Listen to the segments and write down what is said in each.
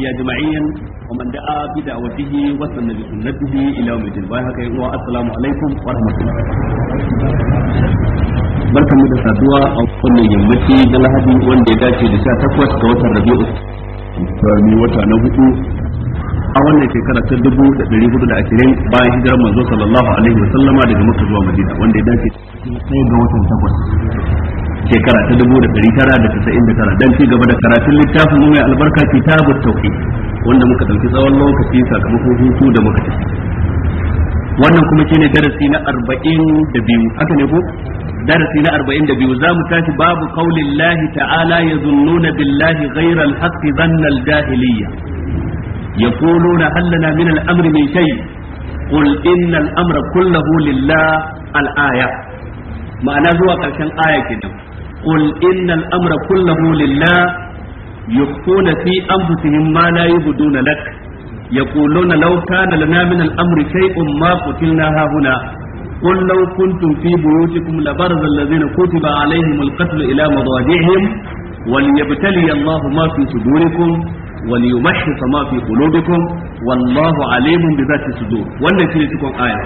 ya jama'iyan wa man da'a bi da'watihi wa sanna bi sunnatihi ila yawm al-din bayan barkan mu da saduwa a wannan yammaci da lahadi wanda ya dace da ga watan rabi'u wata na hudu a wannan shekara ta dubu da hudu da ashirin bayan hijirar manzo sallallahu alaihi wa sallama daga makka zuwa madina wanda ya dace da ɗaya ga watan takwas shekara ta 1999 dan ci gaba da karatun littafin mai albarka kitabut tauhid wanda muka ɗauki tsawon lokaci sakamakon hutu da muka ci wannan kuma shi ne darasi na arba'in da biyu, haka ne ko darasi na arba'in da biyu, za mu tashi babu qaulillahi ta'ala ya yazunnuna billahi ghayra al-haqqi dhanna ya jahiliyya na. Hallana min من الامر من شيء قل ان الامر كله لله الايه ma'ana zuwa karshen aya kenan قل إن الأمر كله لله يخفون في أنفسهم ما لا يبدون لك يقولون لو كان لنا من الأمر شيء ما قتلنا هنا قل لو كنتم في بيوتكم لبرز الذين كتب عليهم القتل إلى مضاجعهم وليبتلي الله ما في صدوركم وليمحص ما في قلوبكم والله عليم بذات الصدور wannan shine cikon aya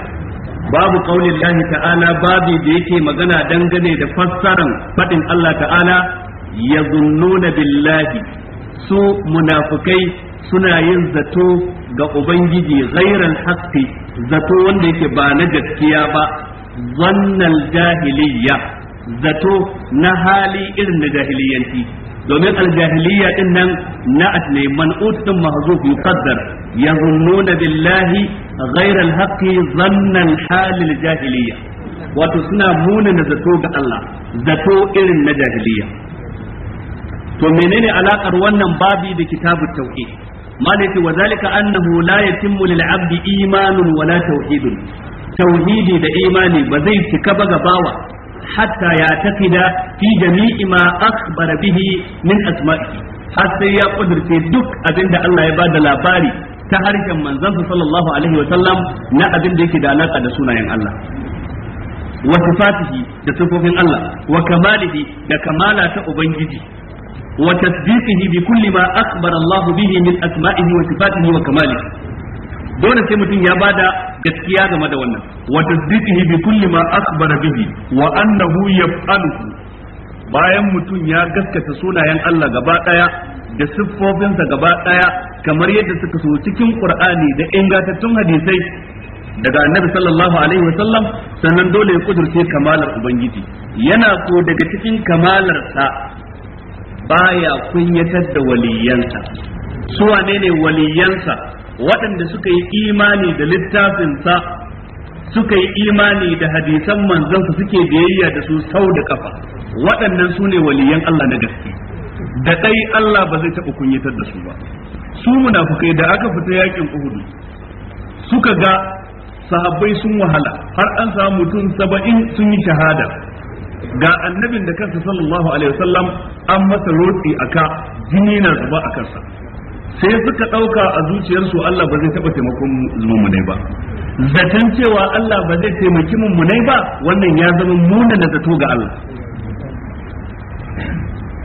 babu qaulin lahi ta'ala babu da yake magana dangane da fassaran faɗin Allah ta'ala yazunnuna billahi su munafukai suna yin zato ga ubangiji ghairal haqqi zato wanda yake ba na gaskiya ba zannan jahiliyya zato na hali irin na jahiliyanci domin aljahiliya din nan na'at ne man'ut din mahzuf yuqaddar yazunnuna billahi غير الحق zannan halin الجاهلية wato suna munana zato ga Allah zato irin na jahiliya to menene alaƙar wannan babi da kitabu tauhid malaki wa zalika annahu la yatimmu lil imanun wala tauhidun tauhidi da imani ba zai cika ba gabawa hatta ya taqida fi jami'i ma akhbara bihi min asma'i har sai ya kudurce duk abinda Allah ya ba da labari ta harshen manzansa sallallahu alaihi wa sallam na abin da yake da alaka da sunayen Allah wa sifatihi da sifofin Allah wa kamalihi da kamala ta ubangiji wa tasdiqihi bi kulli ma akhbara Allah bihi min asma'ihi wa sifatihi wa kamalihi dole sai mutum ya bada gaskiya game da wannan wa tasdiqihi bi kulli ma akhbara bihi wa annahu yaf'aluhu bayan mutum ya gaskata sunayen Allah gaba daya da siffofinsa gaba ɗaya kamar yadda suka so cikin qur'ani da ingantattun hadisai daga annabi sallallahu alaihi wa sallam sannan dole ya kudurce kamalar ubangiji yana so daga cikin kamalarsa baya kunyatar da waliyansa su wane ne waliyansa waɗanda suka yi imani da littafinsa suka yi imani da hadisan manzansa suke biyayya da su sau da kafa waɗannan su ne waliyan Allah na gaske da ɗai Allah ba zai taɓa kunyatar da su ba su munafukai da aka fita yakin Uhud suka ga sahabbai sun wahala har an samu mutum saba'in sun yi shahada ga annabin da kansa sallallahu alaihi wasallam an masa a aka jini na zuba a kansa sai suka ɗauka a zuciyarsu Allah ba zai taɓa taimakon mu mummunai ba zaton cewa Allah ba zai taimaki ne ba wannan ya zama muna na zato ga Allah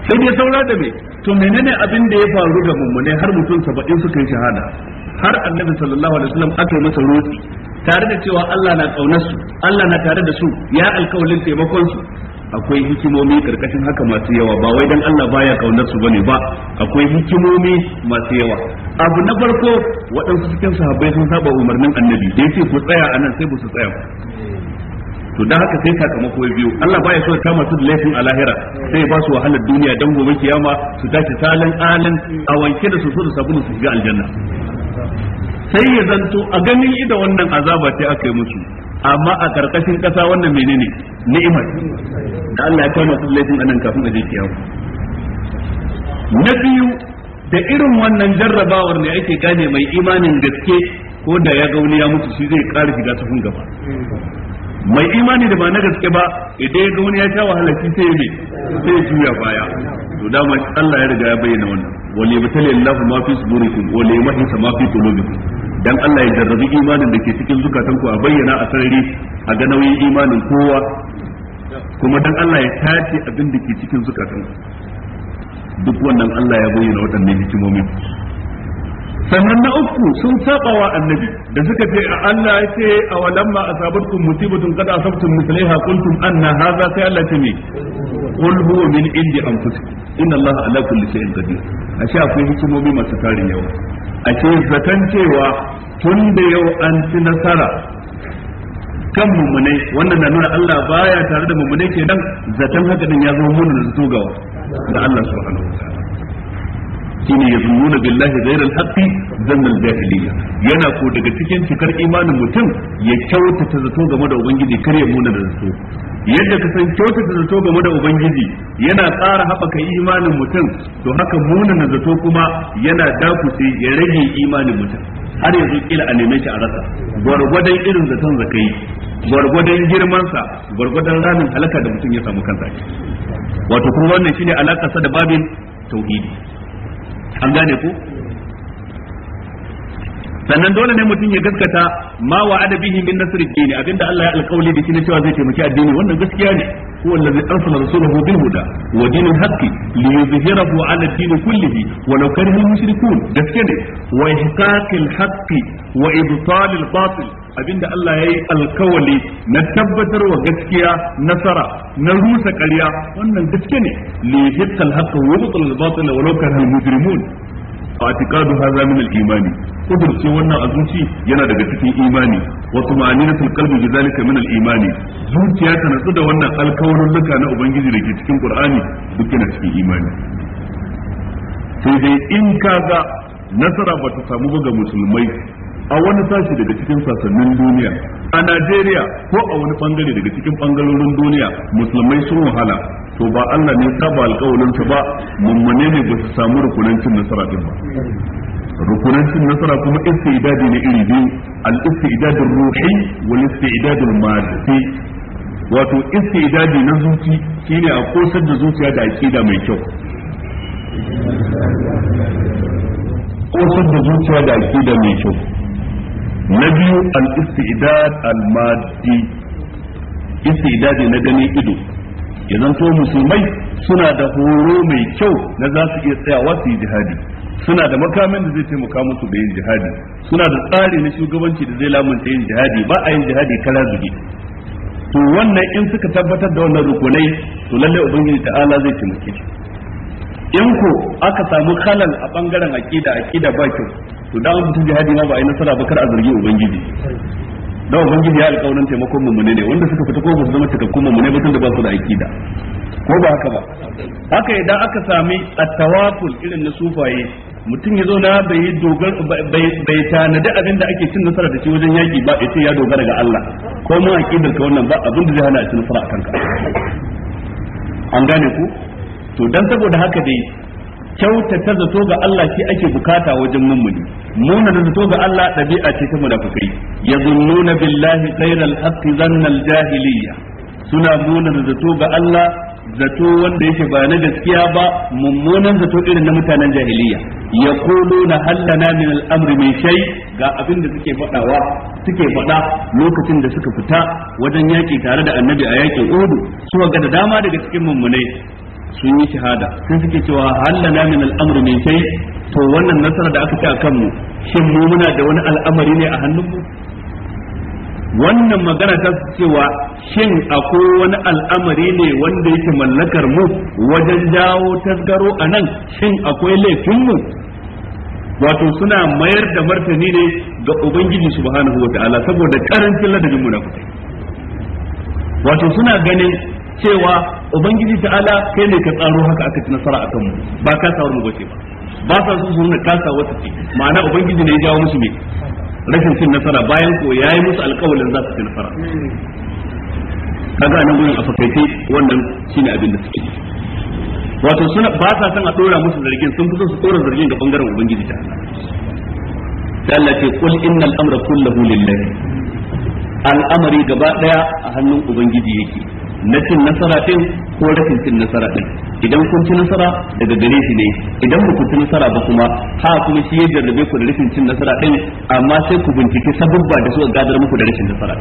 sai dai saura da me to menene abin da ya faru da mummune har mutum saba'in suka yi shahada har annabi sallallahu alaihi wasallam aka yi masa roti tare da cewa Allah na kaunar su Allah na tare da su ya alkawalin taimakon su akwai hikimomi karkashin haka masu yawa ba wai dan Allah baya kaunar su bane ba akwai hikimomi masu yawa abu na farko waɗansu cikin sahabbai sun saba umarnin annabi da sai ku tsaya anan sai ba su tsaya to dan haka sai sakamako ya biyo Allah baya so ya kama su da laifin a lahira sai ya ba su wahalar duniya dan gobe kiyama su tashi salan alin a wanke da su su sabulu su ga aljanna sai ya zanto a ganin ida wannan azaba ce aka yi musu amma a karkashin kasa wannan menene ni'imar. da Allah ya kama su laifin anan kafin a je kiyama na biyu da irin wannan jarrabawar ne ake gane mai imanin gaske ko da ya gauni ya mutu shi zai ƙara shiga sahun gaba mai imani da ba na gaske ba idan ya ga wani ya sha wahala shi sai me sai juya baya to dama Allah ya riga ya bayyana wannan wal yabtali Allah ma fi sudurikum ma yamhisa ma fi qulubikum dan Allah ya jarrabi imanin da ke cikin zukatanku a bayyana a sarari a ga nauyin imanin kowa kuma dan Allah ya tace abin da ke cikin zukatanku duk wannan Allah ya bayyana waɗannan hikimomin sannan na uku sun saba wa annabi da suka ce a Allah ya ce a walamma asabatkum musibatun qad asabtum qultum anna hadha sai Allah ce me qul huwa min indi anfusikum inna Allah ala kulli shay'in qadir ce akwai hikimomi masu tarin yawa ce zakan cewa tun da yau an ci nasara kan mummunai wannan na nuna Allah baya tare da mummunai kenan zaton haka din ya zo munin zugawa da Allah subhanahu wa ta'ala shine yazununa billahi ghairal haqqi zannal jahiliya yana ko daga cikin cikar imanin mutum ya kyautata zato game da ubangiji kar ya muna da zato yadda ka san kyautata zato game da ubangiji yana tsara haɓaka imanin mutum to haka muna zato kuma yana dakuce ya rage imanin mutum har yanzu kila a neme shi a rasa gwargwadon irin zaton zakai gwargwadon girmansa gwargwadon ramin halaka da mutum ya samu kansa wato kuma wannan shine sa da babin tauhidi an gane ku sannan dole ne mutum ya gaskata ma wa adabihi min nasr ad-din abinda Allah ya alƙawli da shi ne cewa zai taimaki addini wannan gaskiya ne huwa allazi arsala rasulahu bil huda wa dinil haqqi li yuzhirahu 'ala ad-din kullihi wa law kariha ne wa ihqaqil haqqi wa ibtalil batil abinda Allah ya yi alkawali na tabbatar wa gaskiya nasara na rusa ƙarya wannan gaske ne li wa اعتقاد هذا من imani. قدر شي wannan azuci yana daga cikin imani wa tumaninatul qalbi bidhalika min al-imani zuciya ta natsu da wannan alkawarin duka na ubangiji da ke cikin qur'ani duk yana cikin imani sai dai in kaga nasara ba ta samu ba ga musulmai a wani sashi daga cikin sassanin duniya a Najeriya ko a wani bangare daga cikin bangarorin duniya musulmai sun wahala to ba Allah ne saba alƙawarin ta ba mummune ne ba su samu rukunancin nasara din ba rukunancin nasara kuma istidadi ne iri biyu al idadin ruhi wal idadin maddi wato istidadi na zuci shine a kosar da zuciya da aqida mai kyau kosar da zuciya da aqida mai kyau na biyu al-istidad al-maddi istidad na gani ido ya zanto musulmai suna da horo mai kyau na za su iya tsayawa su yi jihadi suna da makamin da zai taimaka musu da yin jihadi suna da tsari na shugabanci da zai lamunta yin jihadi ba a yin jihadi kala zuge to wannan in suka tabbatar da wannan rukunai to lallai ubangiji ta'ala zai taimake in ko aka samu halal a bangaren aqida aqida ba kyau to da an jihadi ma ba a yi nasara ba kar a zargi ubangiji da ubangiji ya alƙawarin taimakon mummune ne wanda suka fita ko ba su zama cikakkun mummune ba tunda ba su da aqida ko ba haka ba haka idan aka sami at-tawakkul irin na sufaye mutum ya zo na bai dogar bai tanadi abin da ake cin nasara da shi wajen yaki ba ya ce ya dogara ga Allah ko mun aqidar ka wannan ba abin da zai hana a cin nasara akan ka an gane ku to dan saboda haka dai kyautata zato ga Allah shi ake bukata wajen mummuni munanan zato ga Allah ɗabi'a ce ta munafikai yazunnuna billahi khairal haqqi zannal jahiliyya suna munanan zato ga Allah zato wanda yake ba na gaskiya ba mummunan zato irin na mutanen jahiliya yaquluna hallana min al-amri min shay ga abin da suke fadawa suke faɗa lokacin da suka fita wajen yaƙi tare da annabi a yakin Uhud suka ga da dama daga cikin mummunai sun yi shahada Sun suke cewa hallana min al'amr min shay to wannan nasara da aka ci akan mu shin mu muna da wani al'amari ne a hannun wannan magana ta cewa shin akwai wani al'amari ne wanda yake mallakar mu wajen jawo tasgaro a nan shin akwai laifinmu? wato suna mayar da martani ne ga ubangiji subhanahu wa ta'ala saboda karancin ladabin munafikai wato suna ganin cewa ubangiji ta'ala kai ne ka tsaro haka aka ci nasara akan mu ba ka sa mu bace ba ba sa su nuna kasa wata ce ma'ana ubangiji ne ya jawo musu me rashin cin nasara bayan ko yayi musu alƙawalin za su ci nasara kaga nan gurin a fakaice wannan shine abin da suke wato suna ba sa san a dora musu zargin sun fi son su dora zargin ga bangaren ubangiji ta Allah ce kul innal amra kulluhu lillahi al'amari gaba daya a hannun ubangiji yake na cin nasara din ko rashin cin nasara din idan kun ci nasara daga gare shi ne idan ba ku ci nasara ba kuma ha kuma shi ya jarrabe ku da rashin cin nasara din amma sai ku bincike sababba da suka gadar muku da rashin nasara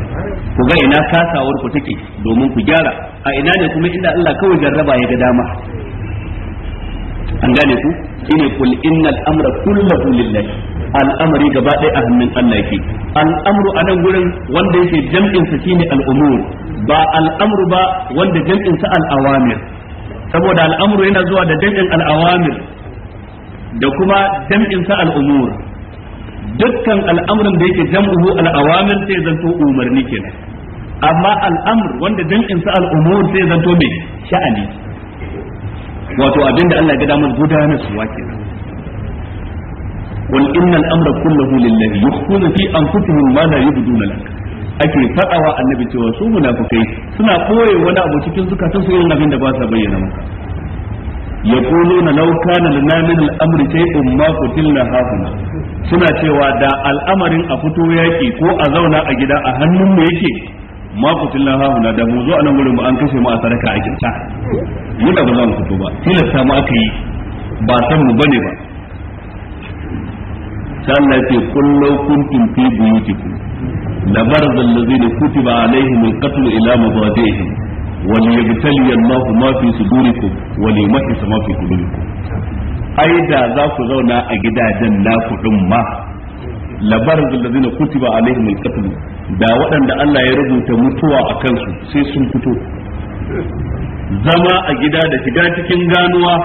ku ga ina kasawar ku take domin ku gyara a ina ne kuma inda Allah kawai jarraba ya ga dama an gane ku ina kul innal amra kullahu lillahi al'amari gaba ɗaya a hannun Allah yake al'amru a nan gurin wanda yake jam'in sa shine al'umur ba al'amru ba wanda jam'insa sa al'awamir saboda al'amru yana zuwa da jam'in al'awamir da kuma jam'insa sa al'umur dukkan al'amrin da yake jam'uhu al'awamir sai zanto umarni kenan amma al'amr wanda jam'insa sa al'umur sai zanto mai sha'ani wato abinda Allah ya ga damar gudanarwa kenan qul innal amra kulluhu lillahi yukhfuna fi anfusihim ma la yubduna lak ake fadawa annabi cewa su munafukai suna koye wani abu cikin zukatun su irin abin da ba sa bayyana maka yaquluna law kana lana min al-amri shay'un ma qutilna hahuna suna cewa da al'amarin a fito yaki ko a zauna a gida a hannun mu yake ma kutin hahuna da mu zo a nan gurin mu an kashe mu a sadaka a Gita. mu da ba za mu fito ba tilasta mu aka yi ba san mu bane ba sai Allah ce kullu kuntum fi buyutikum labarza allazina kutiba alaihim alqatl ila mabadihim وليبتلي ma ما في صدوركم وليمحص ما في قلوبكم ai da za ku zauna a gidajen Na din ma labarin da zina kutiba alaihim alqatl da waɗanda Allah ya rubuta mutuwa a kansu sai sun fito zama a gida da shiga cikin ganuwa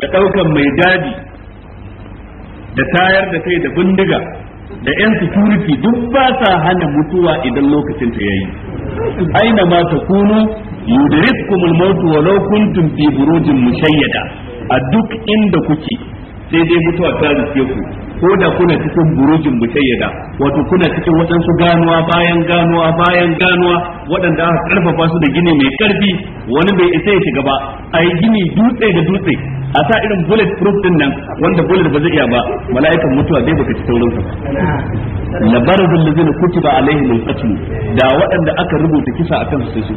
da ɗaukan mai dadi da tayar da kai da bindiga da yan security duk ba sa hana mutuwa idan lokacin ta yayi aina ma kunu yudrikumul maut walau kuntum fi burujin mushayyada a duk inda kuke sai dai mutuwa ta riske ku ko da kuna cikin burujin mutayyada wato kuna cikin waɗansu ganuwa bayan ganuwa bayan ganuwa waɗanda aka karfafa su da gini mai karfi wani bai isa ya shiga ba a yi gini dutse da dutse a sa irin bullet proof din nan wanda bullet ba zai iya ba mala'ikan mutuwa dai baka ci saurin ka la barzul ladzina kutiba alaihim alqatl da waɗanda aka rubuta kisa akan su sai su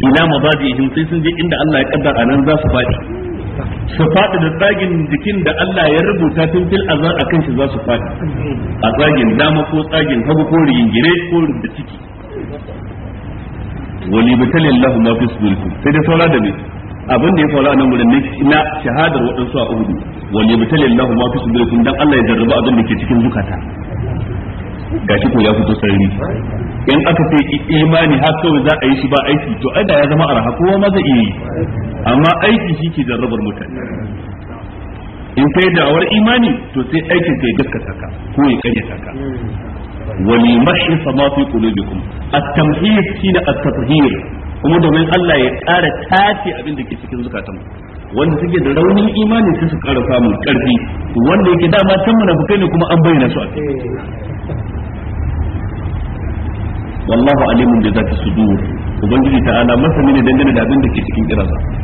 Ina ila mabadihim sai sun je inda Allah ya kaddara nan za su faɗi su fada da tsagin jikin da Allah ya rubuta tun fil azar kan shi za su fada a tsagin dama ko tsagin hagu ko rigingire ko da ciki wani batalin lahu ma fi sudurkum sai da saura da ne abin da ya faru a nan wurin na shahadar waɗansu a uhudu wani batalin lahu ma fi sudurkum Don Allah ya jarraba abin da ke cikin zukata gashi ko ya fito sarari in aka ce imani har kawai za a yi shi ba aiki to ai da ya zama arha kowa ma zai iya yi amma aiki shi ke jarrabar mutane in kai da'awar imani to sai aikin kai gaska taka ko ya kanya ka wani mashi sama fi qulubikum at-tamhis shine at-tathhir kuma domin Allah ya ƙara tace abin da ke cikin zukatan wanda suke da raunin imani sai su ƙara samun ƙarfi wanda yake dama can munafikai ne kuma an bayyana su a kai wallahu alimun da zati sudur ubangiji ta'ala masa ne dangane da abin da ke cikin kirasa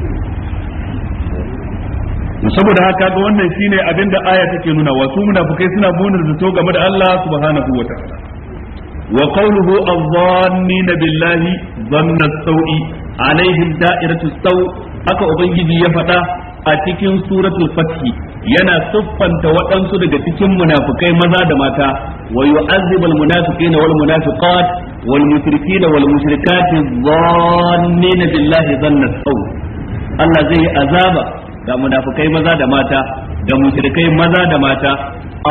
saboda haka ga wannan shine abin da aya take nuna wasu munafikai suna bunar da to game da Allah subhanahu wa ta'ala wa qawluhu adh-dhannina billahi dhanna as-sawi alaihim da'iratu as-saw haka ubangiji ya faɗa a cikin suratul fath yana siffanta waɗansu daga cikin munafikai maza da mata wa yu'azzibul munafiqina wal munafiqat wal mushrikina wal mushrikati dhannina billahi dhanna as-saw Allah zai azaba ga munafikai maza da mata da mushrikai maza da mata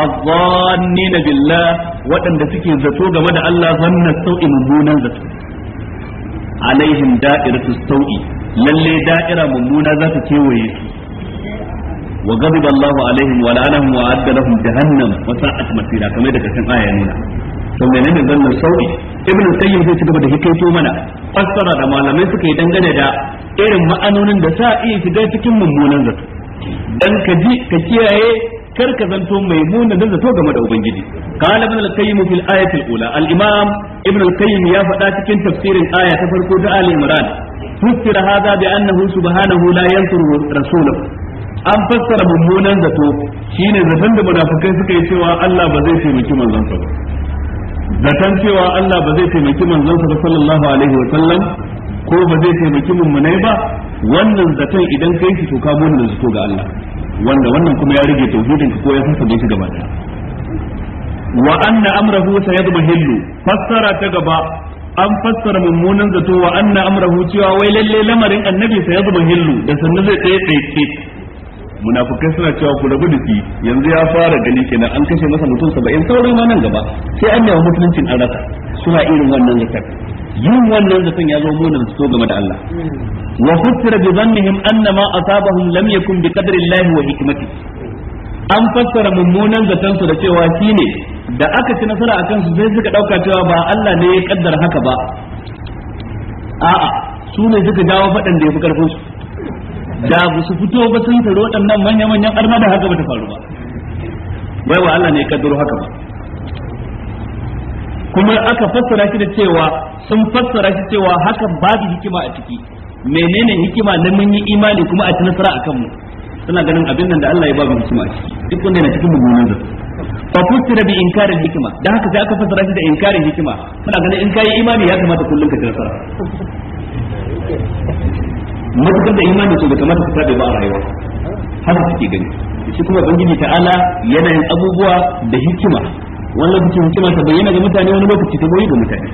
azzannina billah waɗanda suke zato game da Allah zanna sau'i mummunan zato alaihim da'iratu sau'i lalle da'ira mummuna za ta kewaye su wa ghadiba Allahu alaihim wa la'anahum wa adda lahum jahannam wa sa'at masira kamar da kasan aya nuna to menene zanna sau'i ibnu qayyim zai ci gaba da hikaito mana fassara da malamai suka yi dangane da irin ma'anonin da sa iya shiga cikin mummunan zato dan ka ji ka kiyaye kar ka zanto mai munan zato game da ubangiji qala ibn al-qayyim fil ayati al-ula al-imam ibn al-qayyim ya faɗa cikin tafsirin aya ta farko ta ali imran fassara hada bi annahu subhanahu la yansuru rasulahu an fassara mummunan zato shine zaton da munafikai suka yi cewa Allah ba zai taimaki manzon sa ba zaton cewa Allah ba zai taimaki manzon sa sallallahu alaihi wa sallam ko ba zai taimaki mummunai ba wannan zaton idan kai shi to ka mona da zato ga Allah wanda wannan kuma ya rage tauhidin ka ko ya sassa shi gaba da wa anna amrahu sayadmahillu fassara ta gaba an fassara mummunan zato wa anna amrahu cewa wai lalle lamarin annabi sayadmahillu da sannan zai tsaye tsaye munafukai suna cewa ku rabu da shi yanzu ya fara gani kenan an kashe masa mutum saba'in sauran ma nan gaba sai an nema musuluncin an rasa suna irin wannan zakar yin wannan zakar ya zo munar su game da Allah wa fassara bi zannihim anna ma asabahum lam yakun bi qadri Allah wa hikmati an fassara mummunan zaton su da cewa shine da aka ci nasara akan su sai suka dauka cewa ba Allah ne ya kaddara haka ba a'a su ne suka dawo fadan da yafi fi karfin su da ba su fito ba sun taro waɗannan manya-manyan arna da haka ba ta faru ba bai wa Allah ne ya kaddaro haka ba kuma aka fassara shi da cewa sun fassara shi cewa hakan da hikima a ciki menene hikima na mun yi imani kuma a ci nasara a kanmu suna ganin abin nan da Allah ya babu hikima a ciki duk wanda yana cikin mummunan zato fa fassara bi inkarin hikima dan haka sai aka fassara shi da inkarin hikima suna ganin in kai imani ya kamata kullum ka ci nasara matukar da imanin su da kamata su da ba a rayuwa haka suke gani shi kuma bangiji ta'ala yana abubuwa da hikima wani lokacin hikima ta bayyana ga mutane wani lokaci ta goyi ga mutane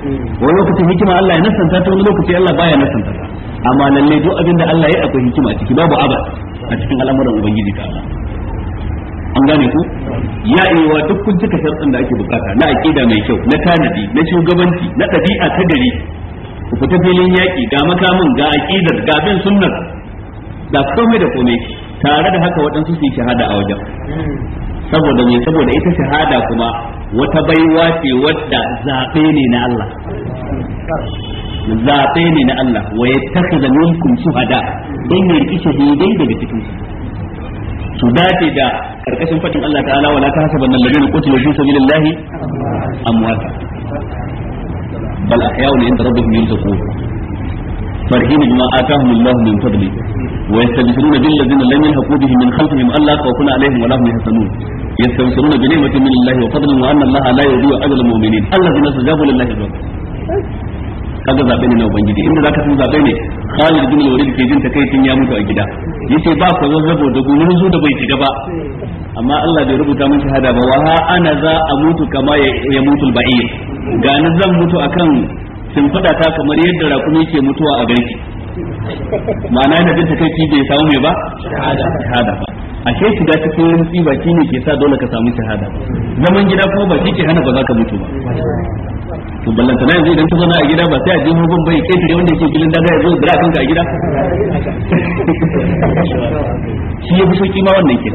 wani lokacin hikima Allah ya nasanta ta wani lokaci Allah baya nasanta ta amma lalle duk abin da Allah ya akwai hikima a ciki babu aba a cikin al'amuran ubangiji ta Allah an gane ku ya iya duk kun cika sharɗin da ake bukata na aqida mai kyau na tanadi na shugabanci na ɗabi'a ta gari ku fita filin yaƙi ga makamin ga aƙidar ga bin sunnar ga komai da komai tare da haka waɗansu su shahada a wajen saboda me saboda ita shahada kuma wata baiwa ce wadda zaɓe ne na Allah zaɓe ne na Allah wa ya taka da minkum shuhada don ya riƙi daga cikin su dace da karkashin faɗin Allah ta'ala wala ta hasabanna alladhina qutilu fi sabilillahi amwata bal ahya'un inda rabbihim yurzaqun فرحين بما آتاهم الله من فضله ويستبشرون بالذين لم يلحقوا بهم من خلفهم عليهم ولا هم يحزنون يستبشرون بنعمة من الله وفضل الله لا يضيع المؤمنين الذين استجابوا لله الرب kaga zabe ne na ubangiji inda zaka san zabe ne Khalid bin Walid ke jin takaitin ya mutu a gida yace ba ko zan zabo da gurin zu da bai shiga ba amma Allah bai rubuta min shahada ba wa ana za a mutu kama ya mutu bair gani zan mutu akan shimfiɗa ta kamar yadda rakumi ke mutuwa a garki ma'ana yana kai ki bai samu mai ba shahada ba ashe shiga cikin rantsi ba shi ne ke sa dole ka samu shahada zaman gida kuma ba shi ke hana ba za ka mutu ba to ballanta na yanzu idan ta zauna a gida ba sai a jin hukun bai ke tare wanda yake filin daga ya zo dira kanka a gida shi ya fi sauki ma wannan ke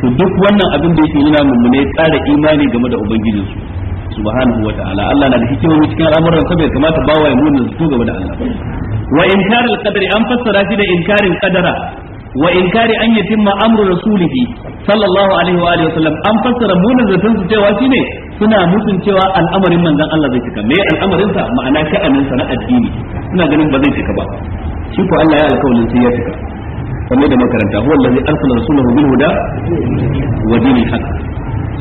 to duk wannan abin da yake nuna mummune tsara imani game da ubangijinsu subhanahu wata'ala Allah na da hikimomi cikin al'amuran sa ya kamata bawa ya muna su gaba da Allah wa inkaril qadari an fassara shi da inkarin qadara wa inkari an yatimma amru rasulihi sallallahu alaihi wa alihi wasallam an fassara munin zaton su cewa shine suna mutun cewa al'amarin manzon Allah zai cika me al'amarin sa ma'ana sha'anin sa na addini suna ganin ba zai cika ba shi ko Allah ya alƙawarin sai ya cika kamar da makaranta huwa allazi arsala rasulahu bil huda wa dinil haqq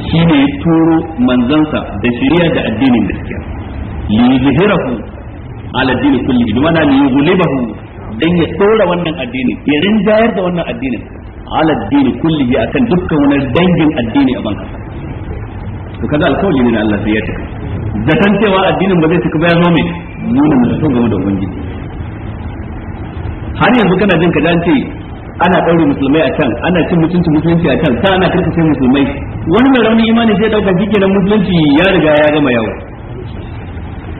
shine ya turo manzansa da shirya da addinin gaskiya li yuzhirahu ala dini kulli bi mana li yughlibahu dan ya tsora wannan addini ya rinjayar da wannan addinin ala dini kulli bi akan dukkan wani dangin addini a banka to kaga alkawari ne na Allah sai ya tuka zaton cewa addinin ba zai tuka ba ya zo mai nuna mutum game da ubangiji har yanzu kana jin ka dan ce ana ɗaure musulmai a can ana cin mutunci musulunci a can ta ana sai musulmai wani mai raunin imani zai ɗauka shi kenan musulunci ya riga ya gama yawo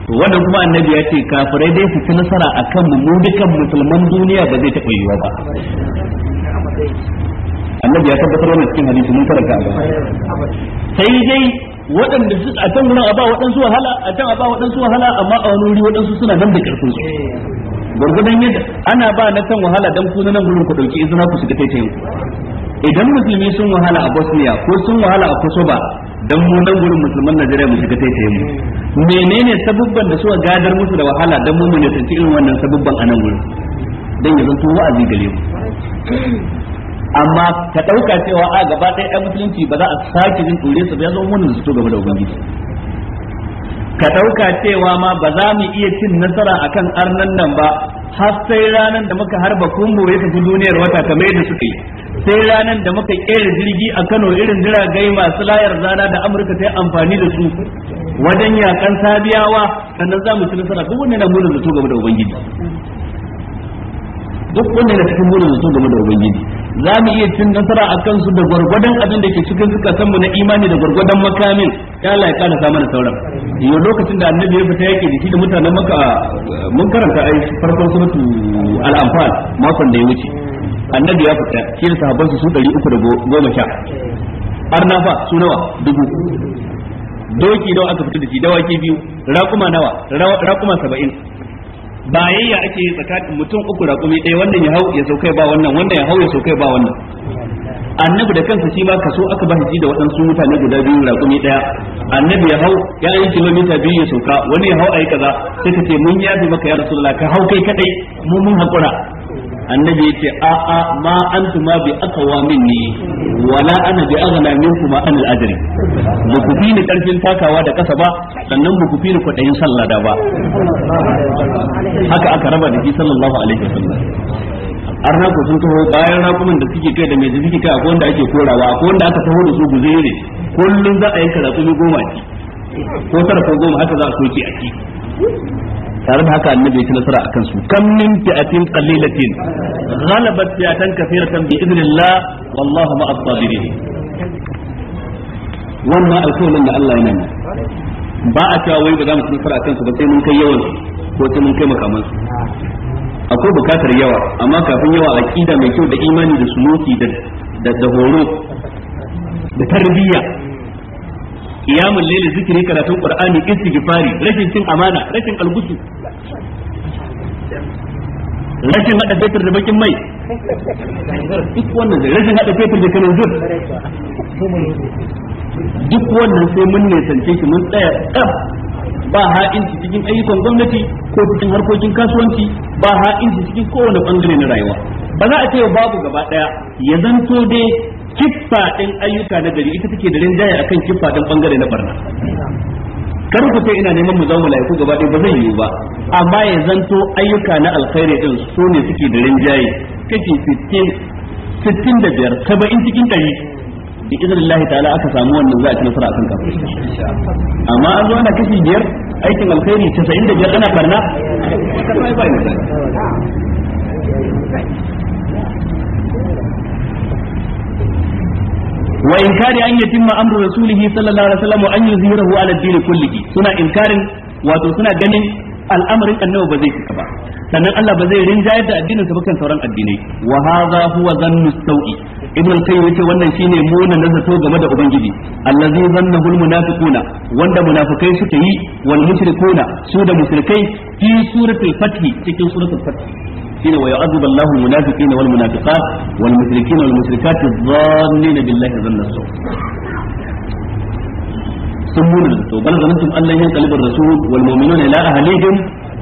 to wannan kuma annabi ya ce kafirai dai su ci nasara kan mu mu dukan musulman duniya ba zai taɓa yiwuwa ba annabi ya tabbatar wannan cikin hadisi mun karanta ba sai dai waɗanda su a can gurin a ba waɗansu wahala a can a ba waɗansu wahala amma a wani wuri waɗansu suna nan da ƙarfin su gurgudan yadda ana ba na kan wahala dan ku nan gurin ku dauki izina ku shiga taitayin ku idan musulmi sun wahala a Bosnia ko sun wahala a kosova dan mu nan gurin musulman Najeriya mu shiga taitayin mu menene sabubban da suka gadar musu da wahala dan mu ne tsanci irin wannan sabubban a nan gurin dan ya zanto wa'azi gare mu amma ka dauka cewa a gaba ɗaya ɗan musulunci ba za a sake jin ɗore su ba ya zama mun da su to gaba da ubangiji ka ɗauka cewa ma ba za mu iya cin nasara akan arnan nan ba har sai ranar da muka harba kumbo ya tafi duniyar wata kamar yadda suka yi sai ranar da muka kera jirgi a Kano irin jiragai masu layar zana da Amurka ta yi amfani da su wajen yakan sabiyawa sannan za mu ci nasara duk wanda na burin zato game da ubangiji duk wanda na cikin burin zato game da ubangiji za mu iya cin nasara a kansu da gwargwadon abin da ke cikin zukatan mu na imani da gwargwadon makamin ya Allah ya kana mana sauran yau lokacin da annabi ya fita yake da shi da mutanen maka mun karanta ai farkon suratu al-anfal makon da ya wuce annabi ya fita shi da sahabban su 310 arnafa su nawa dubu doki nawa aka fita da shi dawaki biyu raƙuma nawa raƙuma saba'in bayayya ake yi tsakanin mutum uku raƙumi ɗaya wannan ya hau ya saukai ba wannan wannan ya hau ya saukai ba wannan annabi da kansa shi ma kaso aka ba shi da waɗansu mutane guda biyu raƙumi ɗaya annabi ya hau ya yi kilomita biyu ya sauka wani ya hau a kaza sai ka ce mun yabi maka ya rasulullah ka hau kai kadai mu mun haƙura annabi yace a a ma antuma bi akwa minni wala ana bi aghna minkum an al ajri ba ku fi ni karfin takawa da kasa ba sannan ba ku fi ni kwadayin sallah da ba haka aka raba da shi sallallahu alaihi wasallam an rako sun taho bayan rakumin da suke kai da mai suke kai akwai wanda ake korawa akwai wanda aka taho da su guzere kullum za a yi karatu goma ko tara ko goma haka za a soke a ci tare da haka annabi ya ci nasara akan su kam min fi'atin qalilatin ghalabat fi'atan kathiratan bi idnillah wallahu ma'as sabirin wannan alƙawarin da Allah ya nuna ba a cewa wai ba za mu ci nasara a kansu ba sai mun kai yawan ko sai mun kai makaman su akwai bukatar yawa amma kafin yawa aqida mai kyau da imani da sunuki da da horo da tarbiyya qiyamul layli zikri karatun qur'ani istighfari rashin cin amana rashin albusu rashin hada fetur da bakin mai duk wannan da rashin hada fetur da kanin zur duk wannan sai mun ne sance shi mun tsaya kaf ba ha'inci cikin ayyukan gwamnati ko cikin harkokin kasuwanci ba ha'inci cikin kowane bangare na rayuwa ba za a ce babu gaba daya ya zanto dai kiffa din ayyuka na gari ita take da rinjaye akan kiffa din bangare na barna kar ku ce ina neman mu zama malaiku gaba ɗaya ba zai yiwu ba amma ya zanto ayyuka na alkhairi din su ne suke da rinjaye kashi 60 65 70 cikin 100 bi iznillahi ta'ala aka samu wannan za a ci nasara akan kafin amma an zo ana kashi biyar aikin alkhairi 95 ana barna wa inkari an yatimma amru rasulihi sallallahu alaihi wasallam an suna inkarin wato suna ganin al'amarin annabi ba zai cika ba sannan Allah ba zai rinjayar da addininsa sa kan sauran addinai wa hadha huwa dhannu sawi ibn al-qayyim yace wannan shine mona na zato game da ubangiji allazi zannahu al-munafiquna wanda munafukai suka yi wal mushrikuna su da mushrikai fi suratul fath cikin suratul fath shine wa yu'adhibu Allahu al-munafiqina wal munafiqat wal mushrikina wal mushrikat adh-dhannina billahi dhanna as-saw sun nuna da to bal zanantum Allah yan kalbar rasul wal mu'minuna la ahlihim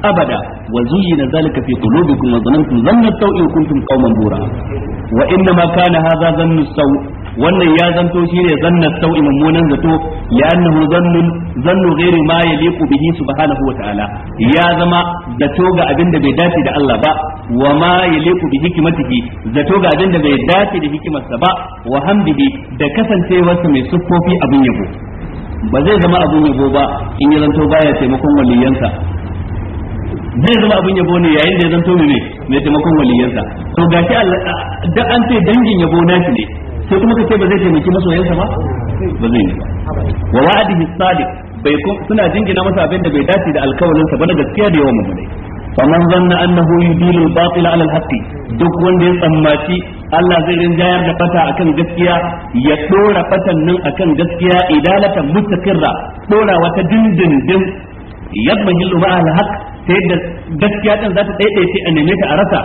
abada wa zuyyina dhalika fi qulubikum wa zanantum dhanna as-saw in kuntum qauman wannan ya zanto shine zanna sau'i mummunan zato li'annahu zannun zannu ghairi ma yaliqu bihi subhanahu wa ta'ala ya zama zato ga abin da bai dace da Allah ba wa ma yaliqu bi hikmatihi zato ga abin da bai dace da hikimarsa ba wa hamdihi da kasancewarsa mai siffofi abin yabo ba zai zama abin yabo ba in ya zanto baya taimakon waliyansa zai zama abin yabo ne yayin da ya zanto mai mai taimakon waliyansa to gashi da an ce dangin yabo nashi ne sai kuma ka ce ba zai taimaki masoyansa ba ba zai yi wa wa'adihi sadiq bai suna jingina masa abin da bai dace da alkawalinsa ba na gaskiya da yawan mutane faman zanna annahu yudilu batila ala alhaqi duk wanda ya tsammaci Allah zai rinjayar da fata akan gaskiya ya dora fatan nan akan gaskiya idalatan mustaqirra dora wata dindindin yadmahillu ma alhaq sai da gaskiya din za ta daidaice a neme ta a rasa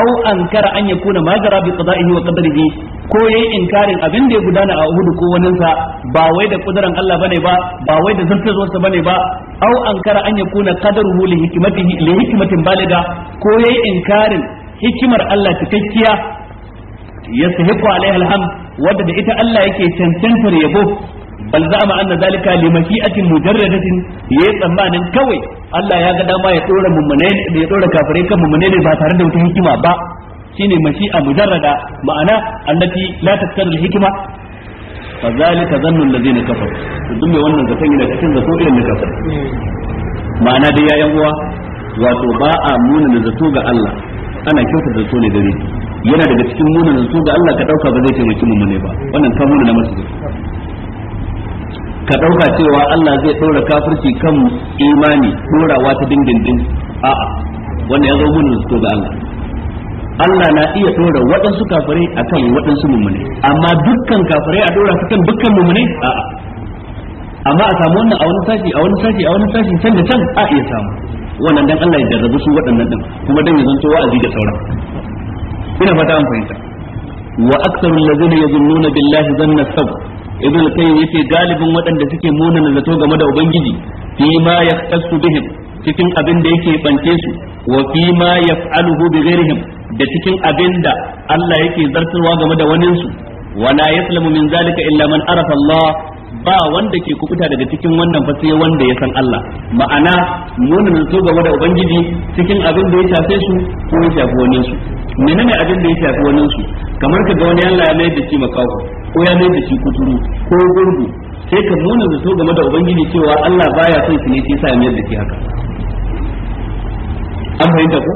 an ankara an ya kuna jara bi qada'ihi wa qadarihi ko yayi inkarin abin da ya gudana a hudu ko wani sa ba wai da kudaran Allah bane ba ba wai da zartazwar zuwa bane ba an ankara an ya kuna qadaruhu li hikmatihi li hikmatin baliga ko yayi inkarin hikimar Allah cikakkiya yastahiqu alaihi alham wadda da ita Allah yake cancantar yabo bal za'ama anna zalika li mashi'atin mujarradatin yayi tsammanin kawai Allah ya ga dama ya dora mummunai ya dora kafirai kan mummunai ba tare da wata hikima ba shine mashi'a mujarrada ma'ana allati la taskaru hikima fa zalika dhannu alladhina kafaru duk mai wannan zaton yana cikin zato irin na kafir ma'ana da yayan uwa wato ba a nuna zato ga Allah ana kyautar zato ne gare yana daga cikin da zato ga Allah ka dauka ba zai taimaki mu ne ba wannan ka muna na masu zato ka ɗauka cewa Allah zai ɗora kafirci kan imani ɗorawa ta dindindin a'a wanda ya zo gudun su ga Allah Allah na iya ɗora waɗansu kafirai kan waɗansu mummune amma dukkan kafirai a ɗora su kan dukkan mummune a'a amma a samu wannan a wani sashi a wani sashi a wani sashi can da can a iya samu wannan dan Allah ya jarrabu su waɗannan din kuma dan ya zanto wa'azi da sauran ina fata an fahimta wa aktharul ladzina yazunnuna billahi dhanna as ibn kayyim yace galibin waɗanda suke munana zato game da ubangiji fi ma yaqtasu bihim cikin abin da yake bance su wa fi ma yaf'aluhu bi ghairihim da cikin abin da Allah yake zartarwa game da wanin su wala yaslamu min zalika illa man arafa Allah ba wanda ke kukuta daga cikin wannan fa sai wanda ya san Allah ma'ana munin su game da ubangiji cikin abin da ya shafe su ko ya shafi wanin su menene abin da ya shafi wanin su kamar ka ga wani Allah ya mai da shi makawo ko ya mai da shi kuturu ko gurgu sai ka nuna so game da ubangiji cewa Allah baya son shi ne shi sa mai da shi haka an fahimta ko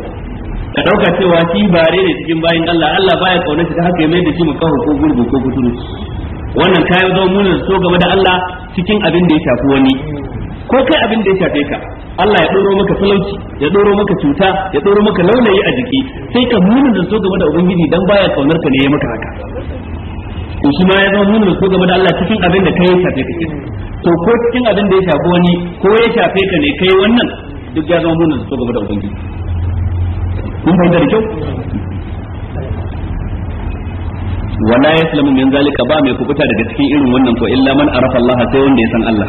ka dauka cewa shi bare ne cikin bayin Allah Allah baya kaunar shi ta haka mai da shi makaho ko gurgu ko kuturu wannan kayan zama nuna so game da Allah cikin abin da ya shafi wani ko kai abin da ya shafe ka Allah ya doro maka talauci ya doro maka cuta ya doro maka launayi a jiki sai ka nuna da so game da ubangiji dan baya kaunar ka ne ya maka haka to shi ma ya zama nuna ko game da Allah cikin abin da kai ya shafe ka ke to ko cikin abin da ya shafi wani ko ya shafe ka ne kai wannan duk ya zama nuna ko game da ubangiji kun fahimta da kyau wala yaslamu min zalika ba mai kubuta daga cikin irin wannan ko illa man arafa Allah sai wanda ya san Allah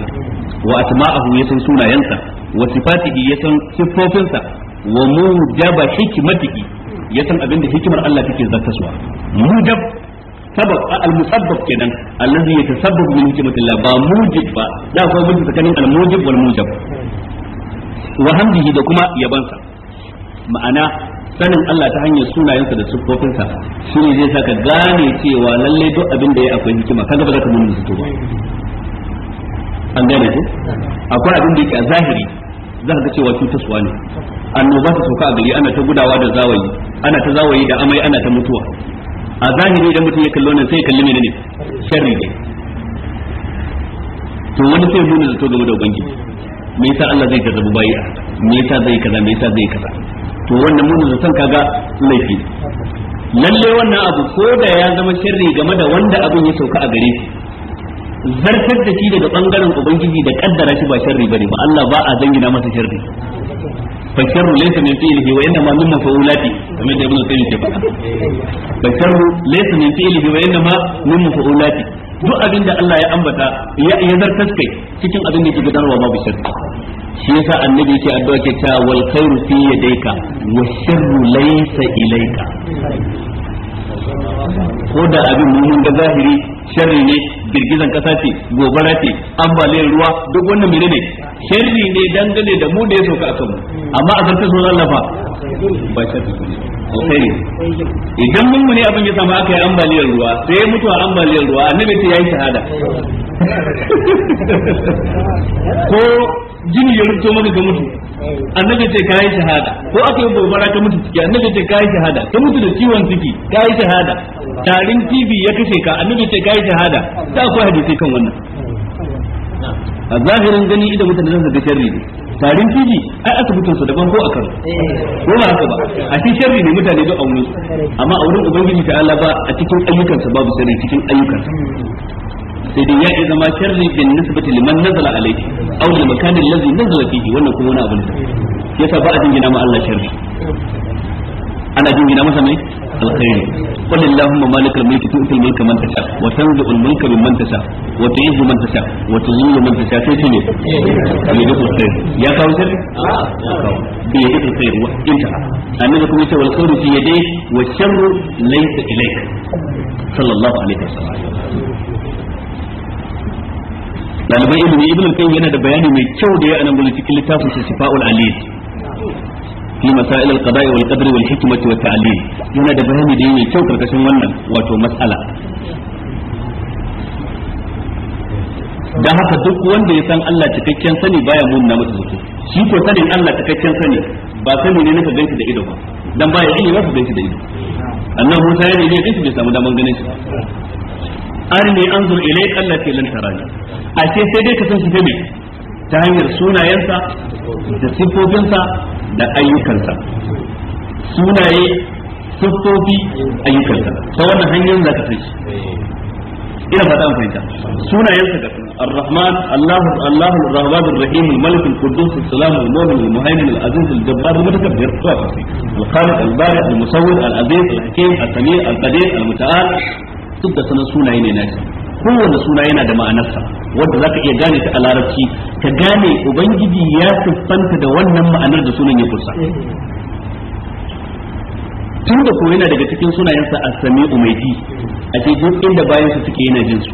wa asma'ahu ya san sunayensa wa sifatihi ya san siffofinsa wa mujaba hikmatihi ya san abin da hikimar Allah take zartaswa mujab sabab al-musabbab kenan allazi yatasabbab min hikmatillah ba mujib ba da akwai bin tsakanin al-mujib wal mujab wa hamdihi da kuma yabansa ma'ana sanin Allah ta hanyar sunayensa da siffofinsa shi ne zai saka gane cewa lalle duk abin da ya akwai hikima kaga ba za ka mun zato ba an gane ku akwai abin da yake a zahiri za ka ga cewa cutaswa ne annoba ta sauka a gari ana ta gudawa da zawayi ana ta zawayi da amai ana ta mutuwa a zahiri idan mutum ya kalli wannan sai ya kalli menene sharri ne to wani sai nuna zato game da ubangiji me yasa Allah zai jarrabu bayi me yasa zai kaza me yasa zai kaza to wannan mun zaton kaga laifi lalle wannan abu ko da ya zama sharri game da wanda abin ya sauka a gare shi zartar da shi daga bangaren ubangiji da kaddara shi ba sharri bane ba Allah ba a zangina masa sharri فالشر ليس من فعله وانما من مفعولاته كما يقول ابن القيم كيف فالشر ليس من فعله وانما من مفعولاته duk abin da Allah ya ambata ya zartas kai cikin abin da yake gudanarwa babu shirka shi yasa annabi yake addu'a ke ta wal khairu fi yadayka wa sharru laysa ilayka ko da abin mun ga zahiri sharri ne girgizan kasa ce gobara ce ambaliyar ruwa duk wannan ne sharri ne dangane da mu da ya sauka akan mu amma a zartar lallafa ba fa ba sharri ne idan mun mune abin ya samu aka yi ambaliyar ruwa sai ya mutu a ambaliyar ruwa annabi ce yayi shahada ko jini ya rubuto mana ga mutu annabi ce kayi shahada ko aka yi gobara ka mutu ciki annabi ce kayi shahada ta mutu da ciwon ciki kayi shahada tarin tv ya kashe ka annabi ce kayi yi shahada ta akwai hadisi kan wannan a zahirin gani idan mutane zan su sharri ne tarin fiji ai asibitin daban ko a kan ko ba haka ba a cikin sharri ne mutane da auni amma a wurin ubangiji ta Allah ba a cikin ayyukansa babu sani cikin ayyukansa sai dai ya iya zama sharri bin nisbati liman nazala alayhi aw lil makan allazi nazala fihi wannan kuma wani abu ne yasa ba a jingina ma Allah sharri ana jingina masa mai alkhairi قل اللهم مالك الملك تؤتي الملك من تشاء وتنزع الملك ممن تشاء وتعز من تشاء وتذل من تشاء تيتي ne الخير يا كاو سر بيدك الخير وانتهى annabi kuma yace wal khairu fi yadayhi wash-sharru laysa ilayka sallallahu alaihi wasallam dalibai ibn al-qayyim yana da bayani mai kyau da ya anan gurin cikin littafin sa shifa'ul alil في مسائل القضاء والقدر والحكمة qadri wal hikmati wat ta'lil yana da واتو مسألة wannan wato da haka duk wanda ya san Allah cikakken sani baya na masa zato shi ko sanin Allah cikakken sani ba sani ne naka ganki da ido ba dan baya ilimi ba ganki da ido annabi Musa ya ne ganki bai samu daman ganin shi arni anzur ilayka allati lan tarani ashe sai dai ka san shi ta hanyar sunayensa da siffofinsa da ayyukansa sunaye siffofi ayyukansa ta wannan hanyar za ka san shi ina fata an fahimta sunayensa ga الرحمن الله الله الرحمن الرحيم الملك القدوس السلام المؤمن المهيمن العزيز الجبار المتكبر الخالق البارئ المصور العزيز الحكيم السميع القدير المتعال duk da sanan sunaye ne nashi kowane suna yana da ma'anarsa wanda zaka iya gane ta a larabci ka gane ubangiji ya siffanta da wannan ma'anar da sunan ya kusa tun da ko yana daga cikin sunayensa a sami umaiti a ce duk inda bayan su suke yana jinsu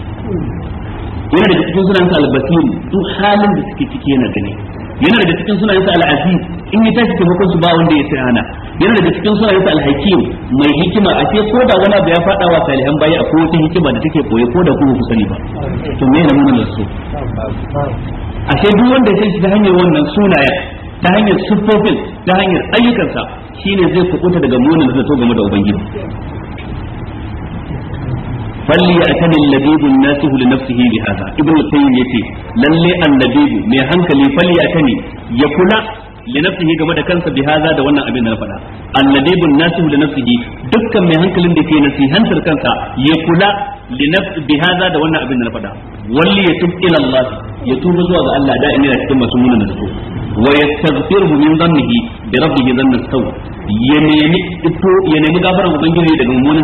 yana daga cikin sunayensa albasiru duk halin da suke ciki yana gani yana daga cikin sunayensa yasa in ya tashi taimakon su ba wanda ya sai hana yana daga cikin sunayensa al-hakim mai hikima a ce ko da wani abu ya fada wa salihan baya a kowace hikima da take koya ko da kuma ku ba to me yana nuna su a ce duk wanda ya shi ta hanyar wannan sunayen ta hanyar siffofin ta hanyar ayyukansa shine zai kukuta daga munin zato game da ubangiji falli atani al-labibu nasihu li nafsihi bi hadha ibn qayyim yace lalle al mai hankali falli atani ya kula li nafsihi game da kansa bi hadha da wannan abin da na faɗa al-labibu nasihu li nafsihi dukkan mai hankalin da ke nasihantar kansa ya kula linafs bihaza da wannan abin da na faɗa walli ya ila Allah ya zuwa ga Allah da cikin masu munan su wa yastaghfiru min dhannihi bi rabbih dhanna saw ya nemi ito ya nemi daga mummunan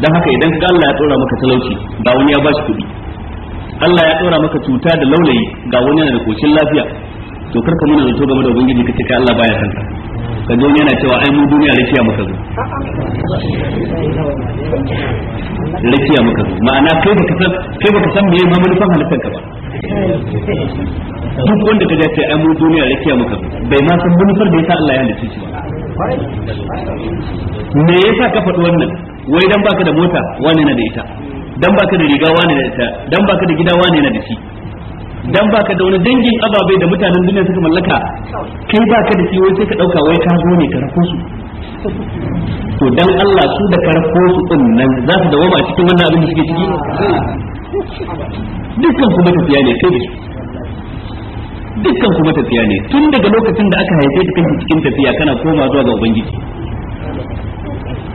dan haka idan ka Allah ya tsora maka talauci ga wani ya bashi kuɗi Allah ya tsora maka cuta da laulayi ga wani yana da kocin lafiya to karka muna zato game da ubangiji kace kai Allah baya sanka ka zo yana cewa ai mu duniya lafiya muka zo lafiya muka zo ma'ana kai baka san kai baka san meye ma manufan halittar ka ba duk wanda ka ce ai mu duniya lafiya muka zo bai ma san manufar da yasa Allah ya halicce shi ba me yasa ka faɗi wannan wai dan baka da mota wani na da ita dan baka da riga wani na da ita dan baka da gida wani na da shi dan baka da wani dangin ababai da mutanen duniya suka mallaka kai baka da shi wai sai ka dauka wai ka zo ne ka rako su to dan Allah su da ka rako su din nan za su dawo ba cikin wannan abin da suke ciki dukkan kuma tafiya ne kai da dukkan kuma tafiya ne tun daga lokacin da aka haife ka kanki cikin tafiya kana koma zuwa ga ubangiji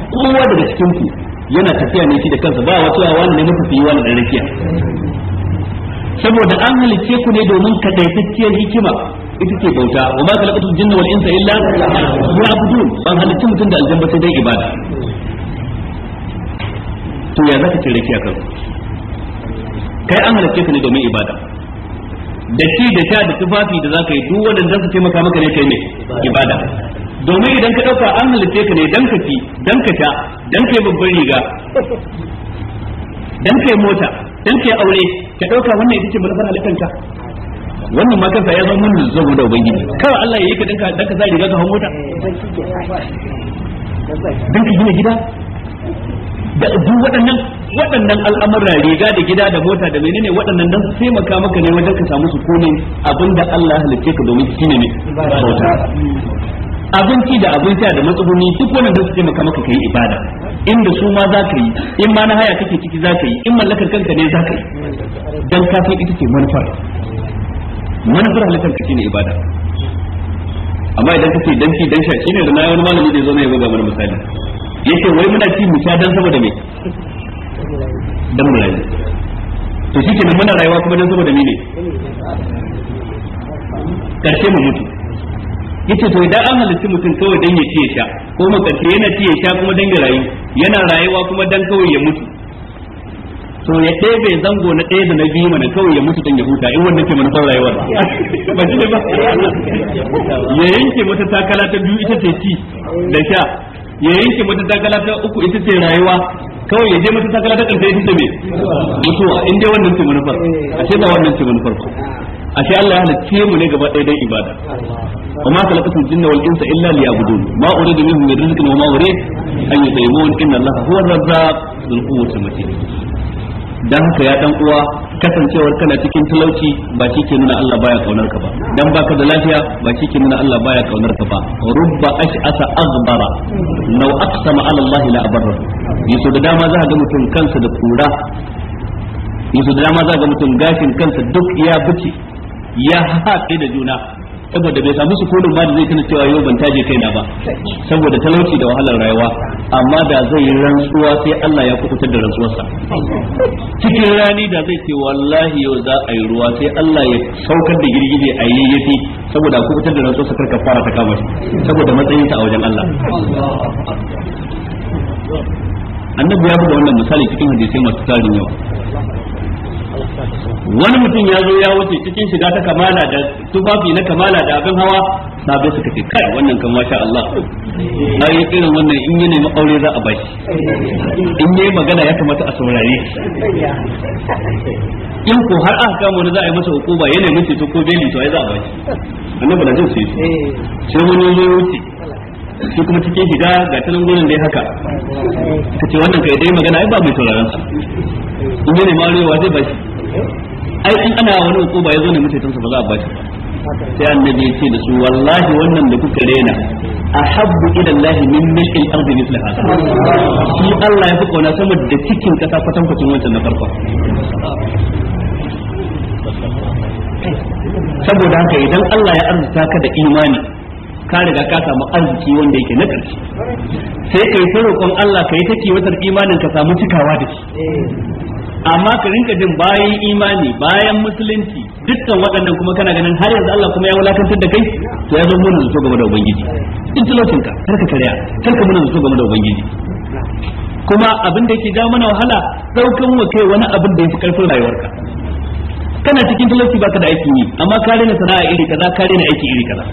kowa daga cikin ku yana tafiya ne shi da kansa ba wa cewa wani ne matafiyi wani da rakiya saboda an halicce ku ne domin kadaitacciyar hikima ita ce bauta wa ma khalaqatul jinna wal insa illa abudu ban halicci mutum da aljanna sai dai ibada to ya zaka ce rakiya kan kai an halicce ka ne domin ibada da shi da sha da tufafi da zaka yi duk wanda zaka taimaka maka ne kai ne ibada domin idan ka dauka an halicce ka ne dan ka ci dan ka sha dan yi babban riga dan kai mota dan kai aure ka dauka wannan ita ce manufar halittanka wannan ma kansa ya zama mun zuwa da ubangiji kawai Allah ya yi ka danka danka sai riga ka hawo mota dan ka gina gida da duk waɗannan waɗannan al'amura riga da gida da mota da menene waɗannan dan sai maka maka ne wajen ka samu sukunin abinda Allah ya halicce ka domin shine ne bauta abinci da abin sha da matsuguni duk wannan da suke maka maka kai ibada inda su ma za ka yi in ma na haya kake ciki za ka yi in mallakar kanka ne za ka yi dan ka san ita ce manufar manufar halittar ka shine ibada amma idan kake dan ki dan sha shine da na wani malami da zo ne ya ga mana misali yace wai muna ci mu sha dan saboda me dan mu rayu to shi ke muna rayuwa kuma dan saboda me ne karshe mu mutu yace to idan an halitta mutum kawai dan ya ci ya sha ko makarci yana ci ya sha kuma dan ya rayu yana rayuwa kuma dan kawai ya mutu to ya ɗebe zango na ɗaya da na biyu mana kawai ya mutu dan ya huta in wannan ke manufar rayuwar ba shi ne ba ya yanke mata takala ta biyu ita ce ci da sha ya yanke mata takala ta uku ita ce rayuwa kawai ya je mata takala ta karshe ita ce me mutuwa in dai wannan ce manufar a ce da wannan ce manufar ashe Allah ya halicce mu ne gaba ɗaya dan ibada wa kala khalaqatul jinna wal insa illa liya'budun ma uridu minhum min rizqin wa ma uridu an yutayyimun inna Allah huwa ar-razzaq dhul quwwati matin dan ka ya dan uwa kasancewar kana cikin talauci ba shi ke nuna Allah baya kaunar ka ba dan baka da lafiya ba shi ke nuna Allah baya kaunar ka ba rubba ash'asa aghbara law aqsama ala Allah la abarra yaso da dama za ga mutum kansa da kura yaso da dama za ga mutum gashin kansa duk ya buke ya haɗe da juna saboda bai samu su kodin ba da zai kana cewa yau ban taje kaina ba saboda talauci da wahalar rayuwa amma da zai yi rantsuwa sai Allah ya kukutar da rantsuwarsa cikin rani da zai ce wallahi yau za a yi ruwa sai Allah ya saukar da girgije a yafi saboda kukutar da rantsuwarsa ka fara ta kama saboda matsayinsa a wajen Allah annabi ya buga wannan misali cikin hadisi masu tarin yawa wani mutum ya zo ya wuce cikin shiga ta kamala da tufafi na kamala da abin hawa sabai suka ce kai wannan kan masha Allah ai irin wannan in yi nemi aure za a bashi in yi magana ya kamata a saurare in ko har aka kama wani za a yi masa hukuma ya nemi ceto ko beli to ai za a bashi annabi na jin sai sai wani ya wuce shi kuma cikin shiga ga tanan gurin dai haka ce wannan kai dai magana ai ba mai sauraron sa in yana ma rewa zai shi ai in ana wani hukuma ya zo ne mutuntunsa ba za a shi sai annabi ya ce da su wallahi wannan da kuka rena habbu ila Allah min mashil ardi hada shi Allah ya fi kauna sama da cikin kasa kwatan kwatan wancan na farko saboda haka idan Allah ya arzuta ka da imani ka riga ka samu arziki wanda yake na ƙarshe sai kai sai roƙon Allah kai ta kiwatar imanin ka samu cikawa da shi amma ka rinka jin bayan imani bayan musulunci dukkan waɗannan kuma kana ganin har yanzu Allah kuma ya wulakantar da kai to ya zo mun zo game da ubangiji in talaucin ka kar ka karya kar ka mun zo game da ubangiji kuma abin da yake ja mana wahala daukan wa kai wani abin da yafi karfin rayuwarka kana cikin talauci baka da aikin yi amma ka rena sana'a iri kaza ka rena aiki iri kaza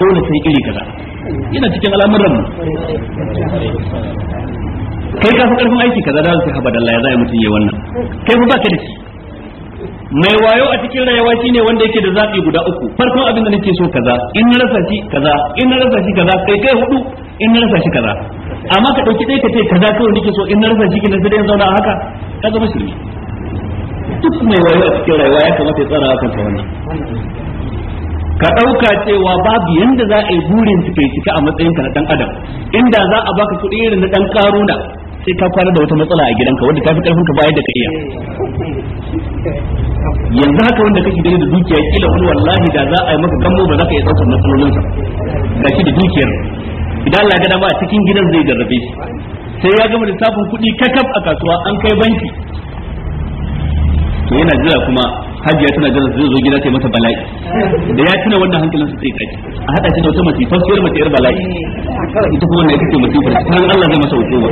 dole sai iri kaza yana cikin al'amuran mu kai ka fi karfin aiki kaza za su haba dalla ya zai mutum ya wannan kai ba ka da shi mai wayo a cikin rayuwa shine wanda yake da zaɓi guda uku farkon abin da nake so kaza in na rasa shi kaza in na rasa shi kaza kai kai hudu in na rasa shi kaza amma ka dauki dai ka ce kaza kawai nake so in na rasa shi kina sai dai zauna haka ka zama shirme duk mai wayo a cikin rayuwa ya kamata ya tsara kansa wannan ka ɗauka cewa babu yanda za a yi burin su kai cika a matsayin na ɗan adam inda za a baka kuɗi irin na ɗan karuna sai ka kwana da wata matsala a gidanka wanda tafi karfin ka bayar da kariya yanzu haka wanda kake gani da dukiya kila wani wallahi da za a yi maka gammo ba za ka iya tsaukar ga gashi da dukiyar idan Allah ya gada dama a cikin gidan zai jarrabe shi sai ya gama lissafin kuɗi kakaf a kasuwa an kai banki to yana jira kuma hajiya tana jira zai zo gida ta mata bala'i da ya tuna wannan hankalin su tsaye tsaye a hada shi da wata mace fasiyar mace yar bala'i ita kuma wannan ita ce mace fara kan Allah zai masa hukuma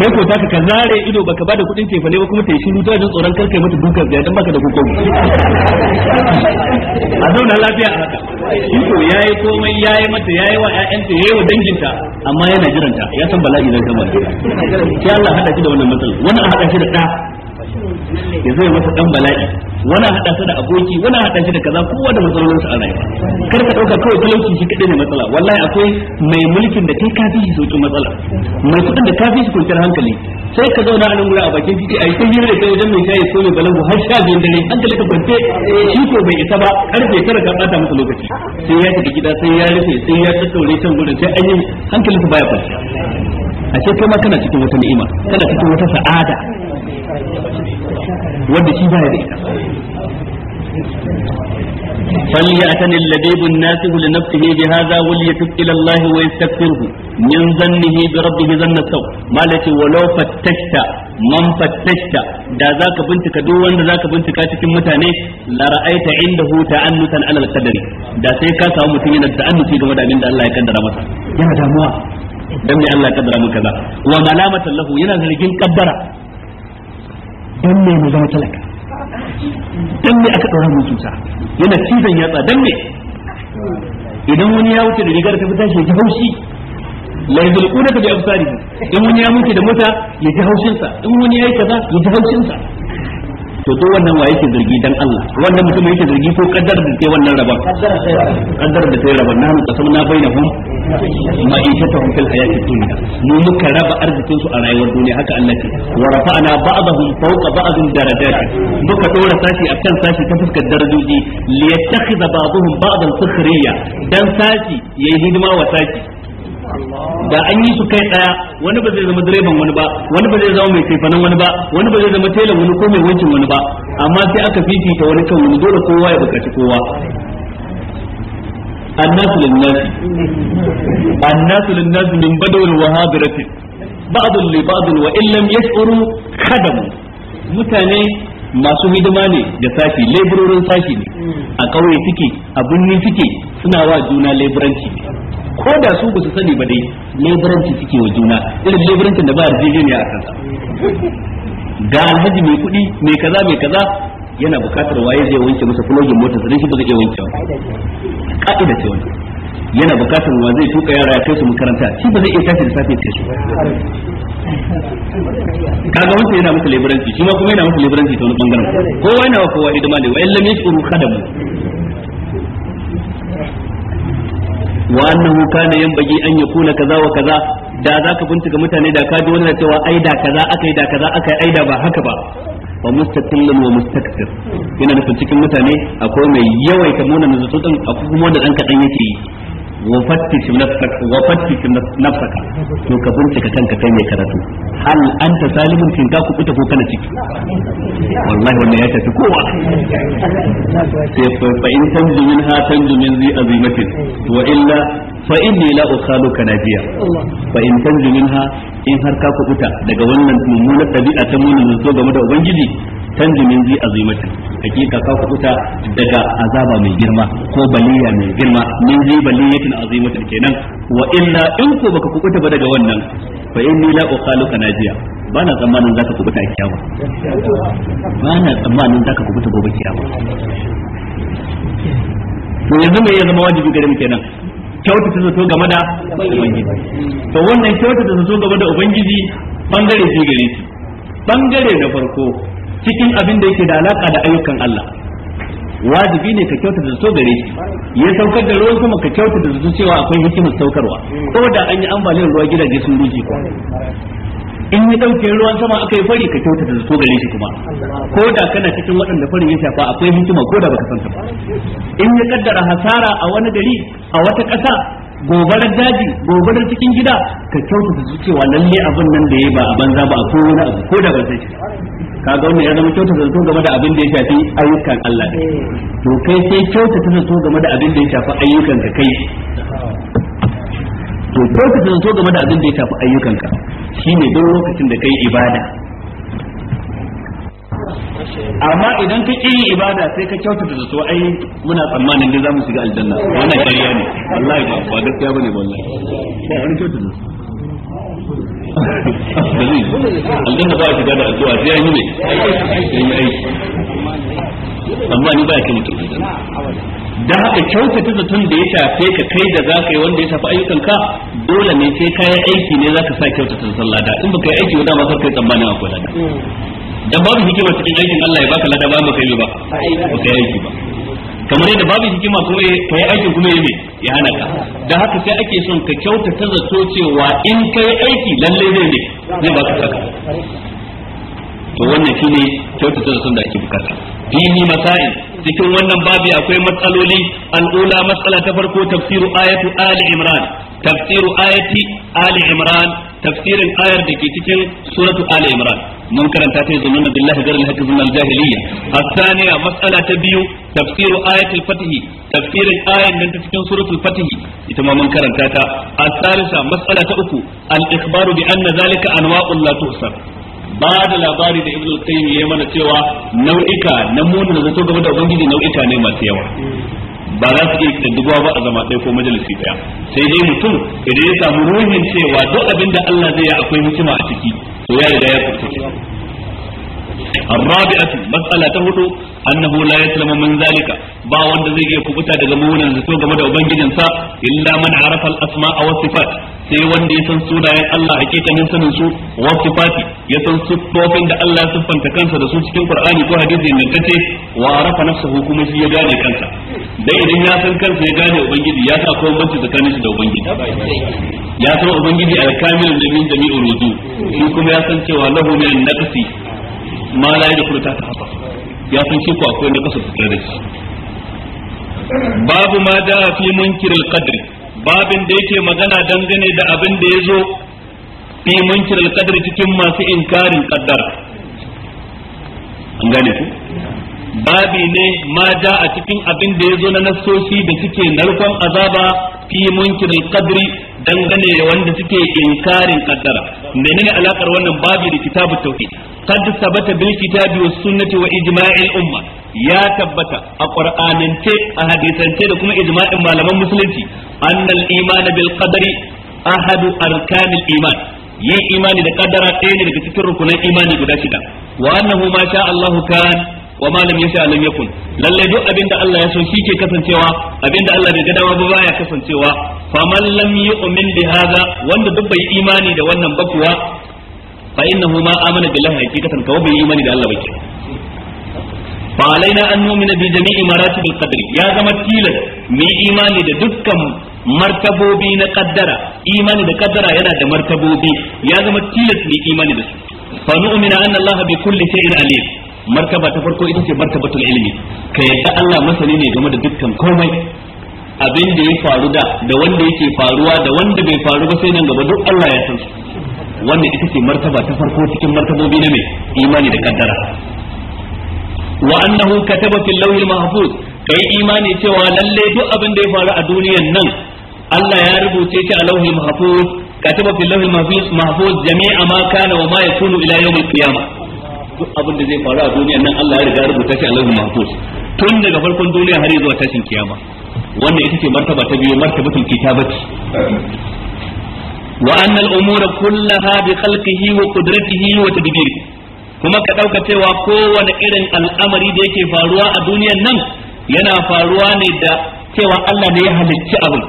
kai ko ta ka zare ido baka bada kudin tefa ne ba kuma ta yi shiru ta jin tsoron karkai mata dukan da dan baka da hukuma a zauna lafiya a haka shi ko yayi komai yayi mata yayi wa ƴaƴanta yayi wa danginta amma yana jiranta ya san bala'i zai kama shi Allah hada shi da wannan matsala wannan hada shi da ɗa ya zai masa dan bala'i wani hada su da aboki wani hada shi da kaza kowa da matsalolin sa a rayuwa kar ka dauka kawai talauci shi kadai ne matsala wallahi akwai mai mulkin da kai ka fi shi matsala mai kudin da ka fi shi kwanciyar hankali sai ka zauna a nan gura a bakin titi a yi ta hira da kai wajen mai shayi ko mai balangu har sha biyun dare hankali ka kwance shi ko bai isa ba karfe tara ka bata masa lokaci sai ya tafi gida sai ya rufe sai ya tattaure can gurin sai an yi hankalinsa baya kwanciya a ce kai ma kana cikin wata ni'ima kana cikin wata sa'ada wanda shi baya da ita فليأتني اللبيب الناسب لنفسه بهذا وليتب إلى الله ويستغفره من ظنه بربه ظن السوء ما لك ولو فتشت من فتشت دا ذاك بنتك دوان ذاك بنتك تكن متاني لرأيت عنده تعنتا على القدر دا سيكا سامتين التعنت في قمد من الله يقدر مسا يا دموع dan me Allah kaddara mun kaza wa malamatan lahu yana zargin kaddara dan me mu zama talaka dan me aka dora mun cuta yana cizon yatsa dan me idan wani ya wuce da rigar ta fita shi ya ji haushi la yuzulquna bi absarihi in wani ya mutu da mota ya ji haushin sa in wani ya yi kaza ya ji haushin sa to duk wannan wa yake zargi dan Allah wannan mutum yake zargi ko kaddar da sai wannan rabon kaddar da sai rabon na nahnu qasamna bainahum ma'ishatahum fil hayati dunya mu muka raba arzikin su a rayuwar duniya haka Allah ce wa rafa'na ba'dahum fawqa ba'dhin darajat muka dora sashi akan sashi ta fuskar darajoji li yattakhidha ba'dahum ba'dan sukhriya dan sashi yayi hidima wa sashi da an yi su kai daya wani ba zai zama direban wani ba wani ba zai zama mai kaifanan wani ba wani ba zai zama telan wani ko mai wancin wani ba amma sai aka fifita wani kan wani dole kowa ya bukaci kowa الناس للناس min للناس من ba'd li ba'd wa in lam yash'uru khadam mutane masu hidima ne da sashi laburorin sashi ne a kauye suke a birni suke suna wa juna laburanci ko da su ba su sani ba dai leburanci suke wa juna irin leburancin da ba ya a kansa ga alhaji mai kuɗi mai kaza mai kaza yana bukatar waye zai wanke masa fulogin motar sai shi ba zai wanke ba ka'ida ce wannan yana bukatar wa zai tuka yara ya kai su makaranta shi ba zai iya tashi da safe kai su kaga wanda yana masa leburanci shi ma kuma yana masa leburanci ta wani bangaren kowa yana wa kowa hidima ne wa illam yashkuru khadamu wa wuka na yanbaghi an yakuna kaza wa kaza da bincika mutane da ka ji wannan cewa ai da kaza akai da kaza akai ai da ba haka ba wa mustaqillan wa mustakbir yana nufin cikin mutane akwai mai yawaita munanan zato din akwai kuma wanda dan kadan yake yi wafattish nafsaka wafattish nafsaka to ka bincika kanka kai mai karatu hal anta salimun kin ka ku fita ko kana ciki wallahi wannan ya tafi kowa sai fa in ha tanzu min zi azimatin wa illa fa inni la ukhaluka nabiya fa in tanzu minha in har ka daga wannan mummunar ɗabi'a ta munin game da ubangiji min zi azimatin hakika ka kuta daga azaba mai girma ko baliya mai girma min zi baliyatin azimatin kenan wa illa in ko baka kuta ba daga wannan fa inni la uqaluka najiya Bana na tsammanin zaka kubuta a kiyama Bana na tsammanin zaka kubuta gobe kiyama to yanzu me ya zama wajibi gare mu kenan kyautata zato game da ubangiji to wannan kyautata zato game da ubangiji bangare ce gare shi bangare na farko cikin abin da yake da alaka da ayyukan Allah wajibi ne ka kyautata da so gare shi ya saukar da ruwan sama ka kyautata da cewa akwai hikimar saukarwa ko da an yi ambaliyar ruwa gidaje sun ruji ko in ya dauke ruwan sama aka yi fari ka kyautata da so gare shi kuma ko da kana cikin waɗanda farin ya shafa akwai hikima ko da baka san ta ba in ya kaddara hasara a wani gari a wata ƙasa gobarar daji gobarar cikin gida ka kyautata da cewa lalle abin nan da yayi ba a banza ba ko wani abu ko da ba sai Ka ga wannan ya zama kyauta zato game da abin da ya shafi ayyukan Allah ne eh. to kai sai kyauta zato game da abin da ya shafi ayyukan ka kai to kyauta zato game da abin da ya shafi ayyukan ka shine duk lokacin da kai ibada amma idan ka ƙi yin ibada sai ka kyautata da su ai muna tsammanin dai za mu shiga aljanna wannan ƙarya ne wallahi ba gaskiya bane wallahi sai an kyautata da zai aljanna shiga da addu'a sai yi mai yi aiki amma ni ba kai mutum da haka kyautata zaton da ya shafe ka kai da za ka yi wanda ya shafi ayyukan ka dole ne sai kayan aiki ne za ka sa ta zaton lada in baka yi aiki ba dama sarkai tsammanin akwai lada dan babu hikima cikin aikin Allah ya baka lada ba baka yi ba baka yi aiki ba kamar yadda babu hikima kuma ka yi aikin kuma ya ne ya hana ka da haka sai ake son ka kyautata zato cewa in kai aiki lalle zai ne zai ka saka to wannan shine kyautata zaton da ake bukata fihi Masa'i, cikin wannan babi akwai matsaloli al'ula matsala ta farko tafsiru ayatu ali imran tafsiru ayati ali imran tafsirin ayar da ke cikin suratu ali imran mun karanta ta yanzu nuna billahi garin hakki zunar jahiliya asaniya mas'ala ta biyu tafsiru ayatul fatihi tafsirin ayar nan ta cikin suratul fatihi ita ma mun karanta ta asalisa mas'ala ta uku al ikhbaru bi anna zalika anwa'un la tuhsab ba da labari da ibnu qayyim ya mana cewa nau'ika na munin da zato game da ubangiji nau'ika ne masu yawa ba za su iya kadduwa ba a zama ɗaya ko majalisi ɗaya sai dai mutum idan ya samu ruhin cewa duk abin da Allah zai yi akwai hikima a ciki to ya riga ya furta الرابعة مسألة hudu, أنه لا يسلم من ذلك با wanda zai iya kubuta daga munan zato game da sa? illa man arafa al-asma' wa sifat sai wanda ya san sunayen Allah hakikanin sanin su wasu Fati ya san siffofin da Allah ya siffanta kansa da su cikin Qur'ani ko hadisi ingantacce wa rafa nafsuhu kuma shi ya gane kansa dai idan ya san kansa ya gane ubangiji ya san akwai bambanci tsakanin shi da ubangiji ya san ubangiji al-kamil da min jami'u rudu shi kuma ya san cewa lahu min naqsi ma la yadkhulu ta hafa ya san shi ko akwai naqsa da shi babu ma da fi munkiril qadri babin da yake magana dangane da abin da ya zo fi munkir alqadar cikin masu inkarin kaddara, an gane ku babi ne ma da a cikin abin da ya zo na nassoshi da suke narkon azaba fi munkir alqadri dangane da wanda suke inkarin kaddara. menene alakar wannan babi da kitabu tauhid qad sabata bil kitabi was sunnati wa ijma'il umma ya tabbata a qur'anance a hadisance da kuma ijma'in malaman musulunci annal iman bil qadari ahadu arkanil iman yin imani da kaddara ɗaya ne daga cikin rukunan imani guda shida wa annahu ma sha Allahu kan wa ma lam yasha lam yakun lalle duk abinda Allah ya so shi ke kasancewa abinda Allah bai ga dama ba baya kasancewa faman lam yu'min bi hadha wanda duk bai imani da wannan ba kuwa fa innahu ma amana billahi hakikatan kawai bai imani da Allah ba kenan fa laina an na bi jami'i maratib al kadari ya zama tilas mu imani da dukkan martabobi na kaddara imani da kaddara yana da martabobi ya zama tilas mu imani da su fa nu'mina anna Allah bi kulli shay'in alim martaba ta farko ita ce martabatul ilmi ka yadda Allah masani ne game da dukkan komai abin da ya faru da da wanda yake faruwa da wanda bai faru ba sai nan gaba duk Allah ya san su wannan ita ce martaba ta farko cikin martabobi na mai imani da kaddara wa annahu kataba fil lawhil mahfuz kai imani cewa lalle duk abin da ya faru a duniyar nan Allah ya rubuce shi a lawhil mahfuz kataba fil lawhil mahfuz jami'a ma kana wa ma yakunu ila yawmil qiyamah duk abin da zai faru a duniyar nan Allah ya riga rubuta tun daga farkon duniya har zuwa tashin kiyama wannan ita ce martaba ta biyu martabatul kitabati wa anna al-umura kullaha bi khalqihi wa qudratihi wa tadbirihi kuma ka ɗauka cewa kowane irin al'amari da yake faruwa a duniyan nan yana faruwa ne da cewa Allah ne ya halicci abin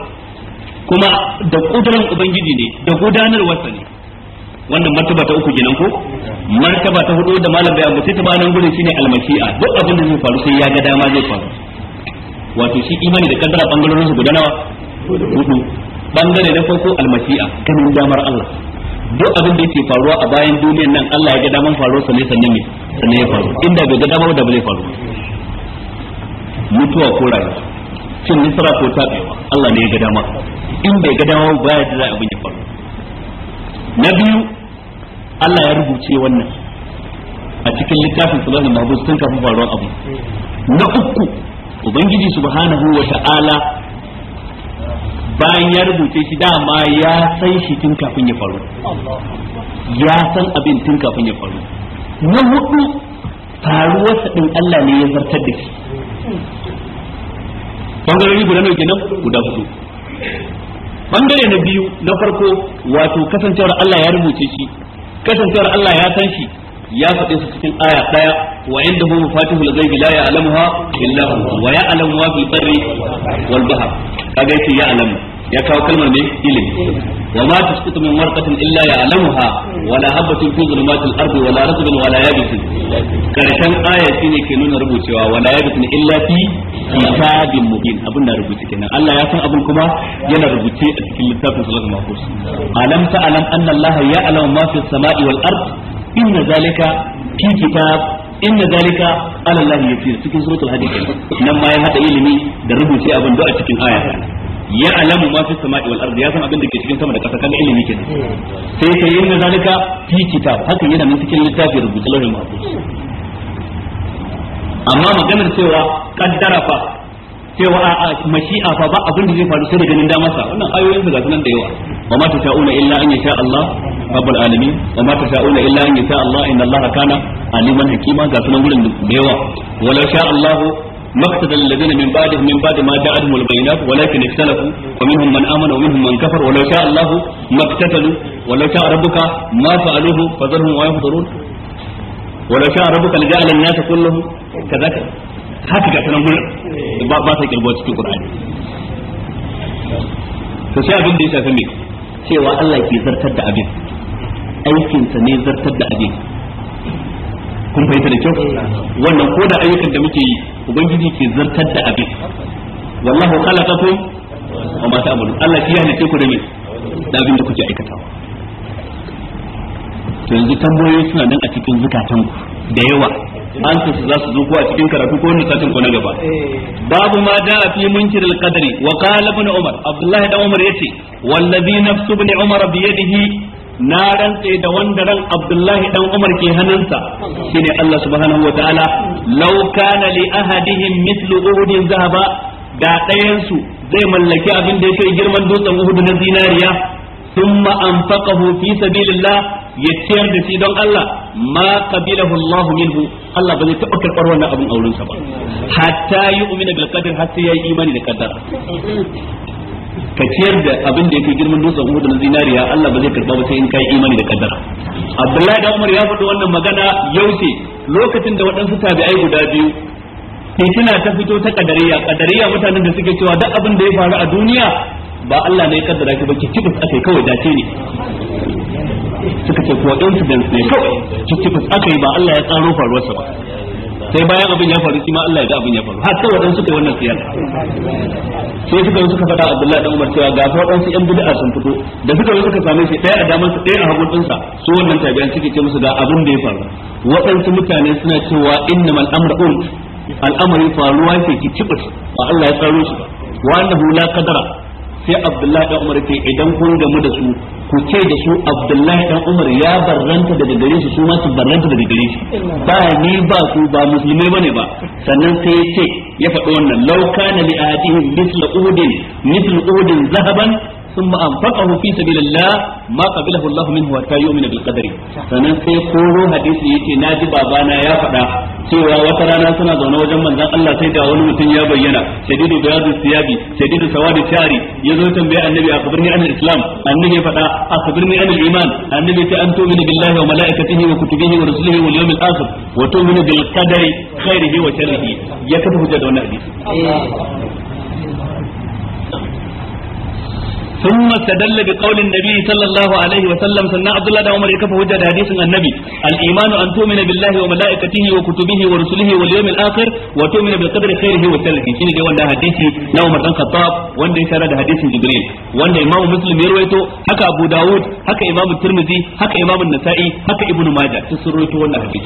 kuma da kudurin ubangiji ne da gudanarwarsa ne wannan martaba ta uku kenan ko martaba ta hudu da malam bai ambace ta banan gurin shine almashi'a duk abin da zai faru sai ya ga dama zai faru wato shi imani da kaddara bangarorin su guda nawa hudu bangare na farko almashi'a kanin damar Allah duk abin da yake faruwa a bayan duniyar nan Allah ya ga daman faruwa sa ne sanne ne sanne ya faru inda bai ga daman da bai faru mutuwa ko rayuwa cin nasara ko tabewa Allah ne ya ga dama in bai ga dama ba ya da abin ya faru na biyu Allah ya rubuce wannan a cikin littafin sulhul mahbus tun kafin faruwar abu na uku ubangiji subhanahu wa ta'ala bayan ya rubuce shi dama ya san shi tun kafin ya faru ya san abin tun kafin ya faru na hudu faruwarsa din Allah ne ya zartar da shi Bangare ne guda mai kenan guda hudu bangare na biyu na farko wato kasancewar Allah ya rubuce shi kasancewar Allah ya san shi ya faɗe su cikin aya ɗaya wa inda hu mafatihul ghaibi la ya'lamuha illa hu wa ya'lamu ma fil barri wal bahr kaga yace ya alamu ya kawo kalmar ne ilimi wa ma tasqutu min warqatin illa ya'lamuha wa la habatin fi dhulumatil ardi wa la ratbin wa la yabisin karshen aya shine ke nuna rubucewa wa la yabisin illa fi kitabin mubin abin da rubuce kenan Allah ya san abin kuma yana rubuce a cikin littafin suratul mahfuz alam ta alam anna Allah ya'lamu ma fis sama'i wal ard inna zalika fi kitab inna zalika ala Allah yasir cikin suratul hadid nan ma hada ilimi da rubuce a cikin aya ya alamu ma sama'i wal ardi ya san abin da ke cikin sama da ƙasa kan ilimi kenan sai ka yi na zalika fi kitab hakan yana nan cikin littafi rubuce lauhin amma maganar cewa kaddara fa cewa a mashi'a fa ba abin da zai faru sai da ganin dama sa wannan ayoyin su ga da yawa wa ma tasha'una illa an yasha Allah rabbul alamin wa ma tasha'una illa an yasha Allah inna Allah kana aliman hakima ga sunan gurin da yawa walau sha Allah مقتدى الذين من بعدهم من بعد ما جاءتهم البينات ولكن اختلفوا ومنهم من امن ومنهم من كفر ولو شاء الله ما اقتتلوا ولو شاء ربك ما فعلوه فذرهم ويحضرون ولو شاء ربك لجعل الناس كلهم كذلك haka ga sanan gurin ba ba sai kirgo cikin Qur'ani to sai abin da ya shafi cewa Allah ke zartar da abin aikinsa ne zartar da abin kun fahimta da kyau mm. wannan ko da ayyukan da muke yi ubangiji ke zartar da abin wallahu khalaqakum wa ma ta'malun Allah ya halice ku da me da abin da kuke aikatawa to yanzu tamboyi suna nan a cikin zukatan ku da yawa an su za su zo ko a cikin karatu ko wannan satin ko na gaba eh. babu ma da a fi munkir al-qadari wa qala ibn umar abdullahi ibn umar yace wallazi nafsu ibn umar bi yadihi na rantse da wanda ran Abdullahi dan Umar ke hannunsa shine Allah subhanahu wataala law kana li ahadihim mithlu uhudin zahaba da ɗayansu su zai mallaki abin da yake girman dutsen Uhud na zinariya thumma anfaqahu fi sabilillah ya ciyar da shi don Allah ma qabilahu Allah minhu Allah ba zai taɓa karɓar wannan abin aurensa ba hatta yu'mina bil qadar har ya yayi imani da qadar ka ciyar da abin da yake girman dutsen Uhud na zinariya Allah ba zai karba ba sai in kai imani da kaddara Abdullahi da Umar ya faɗi wannan magana yaushe lokacin da waɗansu tabi'ai guda biyu fitina ta fito ta kadariya kadariya mutanen da suke cewa duk abin da ya faru a duniya ba Allah ne ya kaddara shi ba ki kibus akai kawai dace ne suka ce kuwa incident ne kawai ki kibus akai ba Allah ya tsaro faruwarsa ba sai bayan abin ya faru shi ma Allah ya ga abin ya faru har sai wadansu kai wannan siyar sai suka yi suka faɗa Abdullahi dan Umar cewa ga wadansu yan bid'a sun fito da suka yi suka same shi ɗaya a daman su ɗaya a hagun ɗinsa su wannan tabiyan suke ce musu ga abin da ya faru wadansu mutane suna cewa innamal amru al'amari faruwa ke ki tibir ba Allah ya tsaro shi ba wa annahu la qadara sai abdullahi dan umar ke idan kun gamu da su ku ce da su abdullahi dan umar ya barranta daga gare su su ma su barranta daga gare shi ba ni ba su ba musulmai bane ba sannan sai ya ce ya faɗi wannan lauka kana li ahadihim mithlu udin mithlu udin zahaban thumma anfaqahu fi sabilillah ma qabilahu Allah minhu hatta yu'mina sai koro hadisi yace naji babana ya faɗa cewa wata rana suna zaune wajen manzon Allah sai ga wani mutum ya bayyana shadidu bayadu siyabi shadidu sawadi shari yazo tambaye annabi a annabi ya faɗa a kabirni iman annabi ya ce an tu'minu billahi wa malaikatihi ya kafa da ثم استدل بقول النبي صلى الله عليه وسلم سنة عبد الله عمر يكفى وجه حديث النبي الإيمان أن تؤمن بالله وملائكته وكتبه ورسله واليوم الآخر وتؤمن بالقدر خيره وشره شنو جوا ده حديث عمر بن الخطاب وند إشارة حديث جبريل وند إمام مسلم يرويته هكا أبو داود هكا إمام الترمذي هكا إمام النسائي هكا ابن ماجه تسرويته وند حديث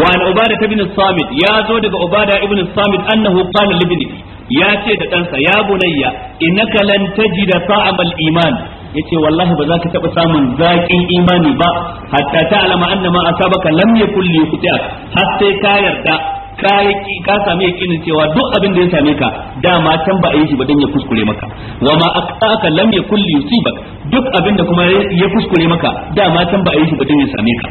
وعن عبادة بن الصامت يا زوجة عبادة بن الصامت أنه قال لابنه ya ce da ɗansa ya bunayya innaka lan tajida ta'amal iman yace wallahi ba za ka taɓa samun zaƙin imani ba hatta alama anna ma asabaka lam yakul li yukhti'ak har sai ka yarda ka yi ka sami yakinin cewa duk abin da ya same ka dama can ba a yi shi ba dan ya kuskure maka wa ma aqtaka lam yakul li yusibak duk abin da kuma ya kuskure maka dama can ba a yi shi ba dan ya same ka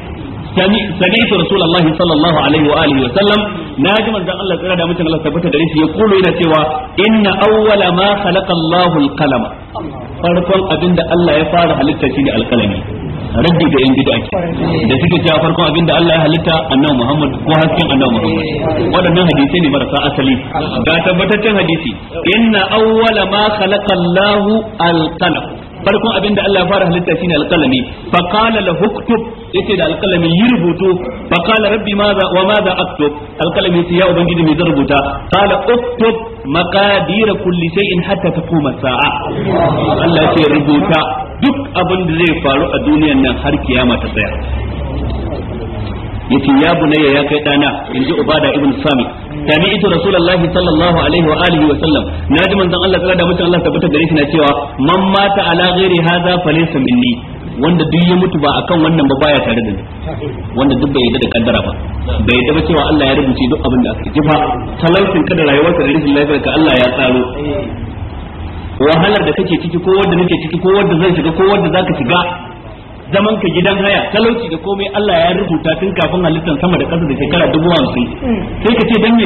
سمعت رسول الله صلى الله عليه واله وسلم ناجي من ذا الله تعالى متن الله ثبت دريس يقول هنا سوى ان اول ما خلق الله القلم farkon abin Allah ya fara halitta shine alkalami raddi ga yan bid'a da suke cewa farkon abin da Allah ya halitta annabi Muhammad ko hasken annabi Muhammad waɗannan hadisi ne marasa asali ga tabbataccen hadisi inna awwala ma farkon abin da Allah ya fara halitta shine alqalami fa qala la uktub yace da alqalami yi rubutu fa qala rabbi madha wa madha aktub alqalami yace ya ubangiji me zan rubuta qala uktub maqadir kulli shay'in hatta taquma sa'a Allah yace rubuta duk abin da zai faru a duniyan nan har kiyama ta tsaya yace ya bunayya ya kai dana inji ubada ibn samit ita rasulullahi sallallahu alaihi wa alihi wa sallam naji manzon Allah tsara da mutum Allah tabbata gare shi na cewa man mata ala ghairi hadha falaysa minni wanda duk ya mutu ba akan wannan ba baya tare da ni wanda duk bai yadda da kaddara ba bai yadda ba cewa Allah ya rubuce duk abin da aka ji ba talaucin kada rayuwarka da rashin lafiyar ka Allah ya tsaro wahalar da kake ciki ko wanda nake ciki ko wanda zan shiga ko wanda zaka shiga zaman ka gidan haya talauci da komai Allah ya rubuta tun kafin halittar sama da ƙasa da shekara dubu hamsin hmm. sai ka ce dan me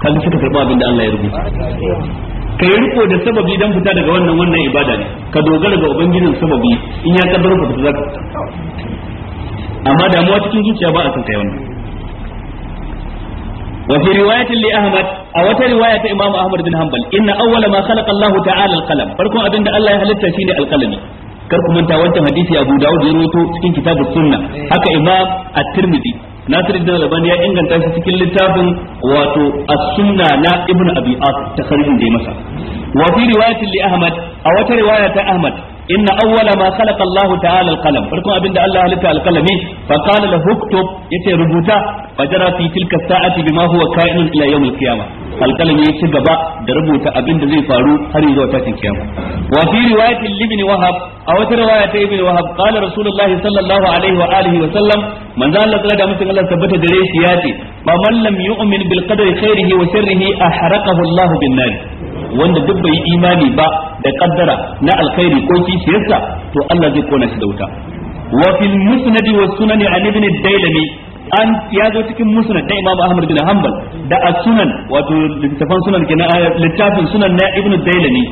kaga suka karɓi abin da Allah ya rubuta ka yi riko da sababi dan fita daga wannan wannan ibada ne ka dogara ga ubangijin sababi in ya kaddara ka fita amma damuwa cikin zuciya ba a san kai wannan وفي رواية لأحمد أو رواية إمام أحمد بن حنبل إن أول ما خلق الله تعالى القلم فركم أبن الله هلتا شيني القلم karku manta wancan hadisi Abu Dawud ya rawaito cikin kitabus sunna haka Imam At-Tirmidhi Nasiruddin Albani ya inganta shi cikin littafin wato As-Sunna na Ibn Abi Asim takharijin da masa wa fi Ahmad a wata riwaya ta Ahmad inna awwala ma khalaqa Allah ta'ala al farkon abinda Allah halitta alkalami qalami fa qala lahu uktub yace rubuta fa jara fi tilka sa'ati bima huwa ka'inun ila yawm al-qiyamah ya ci gaba da rubuta abinda zai faru har zuwa tashin kiyama wa fi riwayatin wahab a wata riwaya ta ibn wahab qala rasulullah sallallahu alaihi wa alihi wa sallam manzo da mutum Allah tabbata dare shi yace ba man lam yu'min bil qadari khairihi wa sharrihi ahraqahu wanda duk bai imani ba da kaddara na alkhairi ko kishiyarsa to Allah zai kona shi da wuta wa fil musnad wa sunan an ibn dailami an ya zo cikin musnad da Imam Ahmad bin Hanbal da as-sunan wato littafin sunan kenan littafin sunan na ibn dailami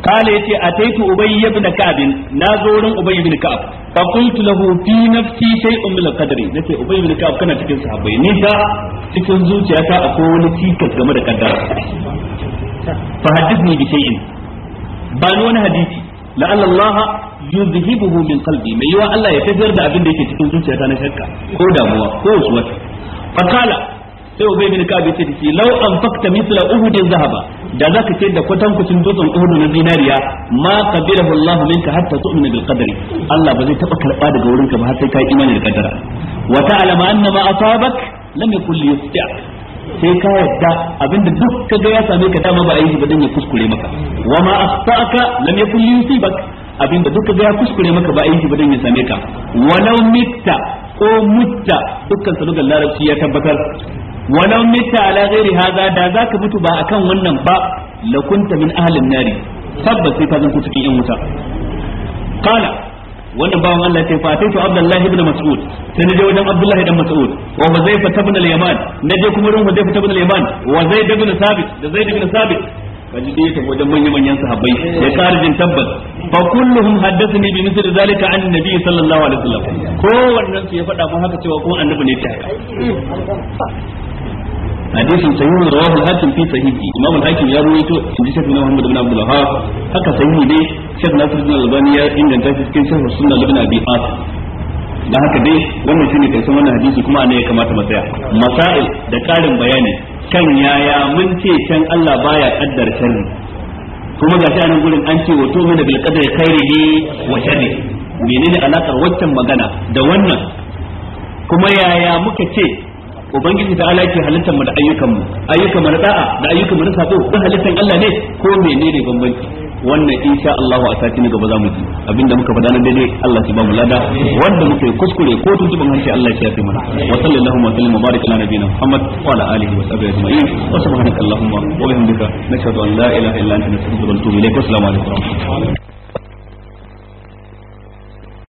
قال يتي أتيت أبي بن كعب نازور أبي بن كعب فقلت له في نفسي شيء من القدر نتي أبي بن كعب كان تكن صحابي ندا تكن akwai wani أقول game da kaddara. fa hadithni bi shay'in ba ni wani hadisi la'alla Allah yuzhibuhu min qalbi mai yawa Allah ya tafiyar da abin da yake cikin zuciyata na shakka ko damuwa ko wasu fa kala sai ubay bin ka'ab yace dace law anfaqta mithla uhudin zahaba da zaka ce da kwatankucin dutsen uhud na zinariya ma qabilahu Allah minka hatta tu'mina bil qadari Allah ba zai taɓa karba daga wurin ka ba har sai ka imani da kadara wa ta'lama anna ma asabak lam yakul liyustak sai ka yadda abinda duk ka ga ya same ka dama ba a yi ba dan ya kuskure maka wa ma asfa'aka lam yakun yusibak abinda duk ka ga ya kuskure maka ba a yi ba dan ya same ka walau mitta ko mutta dukkan su daga larabci ya tabbatar walau mitta ala ghairi hadha da zaka mutu ba akan wannan ba la kunta min ahlin nari tabbas sai ka zanku cikin yan wuta qala wannan bawan Allah sai fa taitu Abdullahi ibn Mas'ud sai naje wajen Abdullahi ibn Mas'ud wa Huzaifa ibn al-Yaman je kuma wurin Huzaifa ibn al-Yaman wa Zaid ibn Thabit da Zaid ibn Thabit kaji dai ta wajen manyan manyan sahabbai ya kare jin tabbas fa kulluhum haddathani bi misl zalika an nabi sallallahu alaihi wasallam ko wannan su ya faɗa mun haka cewa ko annabi ne ta hadisin sahihun rawahu al-hakim fi sahihi imam al-hakim ya rawaito in ji shafi na muhammad ibn abdul wahhab haka sahihi dai shafi nasiruddin albani ya inganta shi cikin shafi sunna ibn abi asim dan haka dai wannan shine karshen wannan hadisi kuma ne ya kamata mu tsaya masail da karin bayani kan yaya mun ce can Allah baya kaddar sharri kuma ga shi anan gurin an ce wa to mana bil qadri khairihi wa Mene menene alakar waccan magana da wannan kuma yaya muka ce ubangiji ta ala ke halittar mu da ayyukan mu ayyukan mu na da'a da ayyukan mu na sako da halittar Allah ne ko menene bambanci wannan insha Allah a sati na gaba zamu mu ji abinda muka faɗa nan daidai Allah ya ba mu lada wanda muke kuskure ko tuntuban hanci Allah ya yafe mana wa sallallahu wa sallam wa baraka ala nabiyina Muhammad wa ala alihi wa sahbihi ajma'in wa subhanaka allahumma wa bihamdika nashhadu an la ilaha illa anta nastaghfiruka wa natubu ilayk wa assalamu alaikum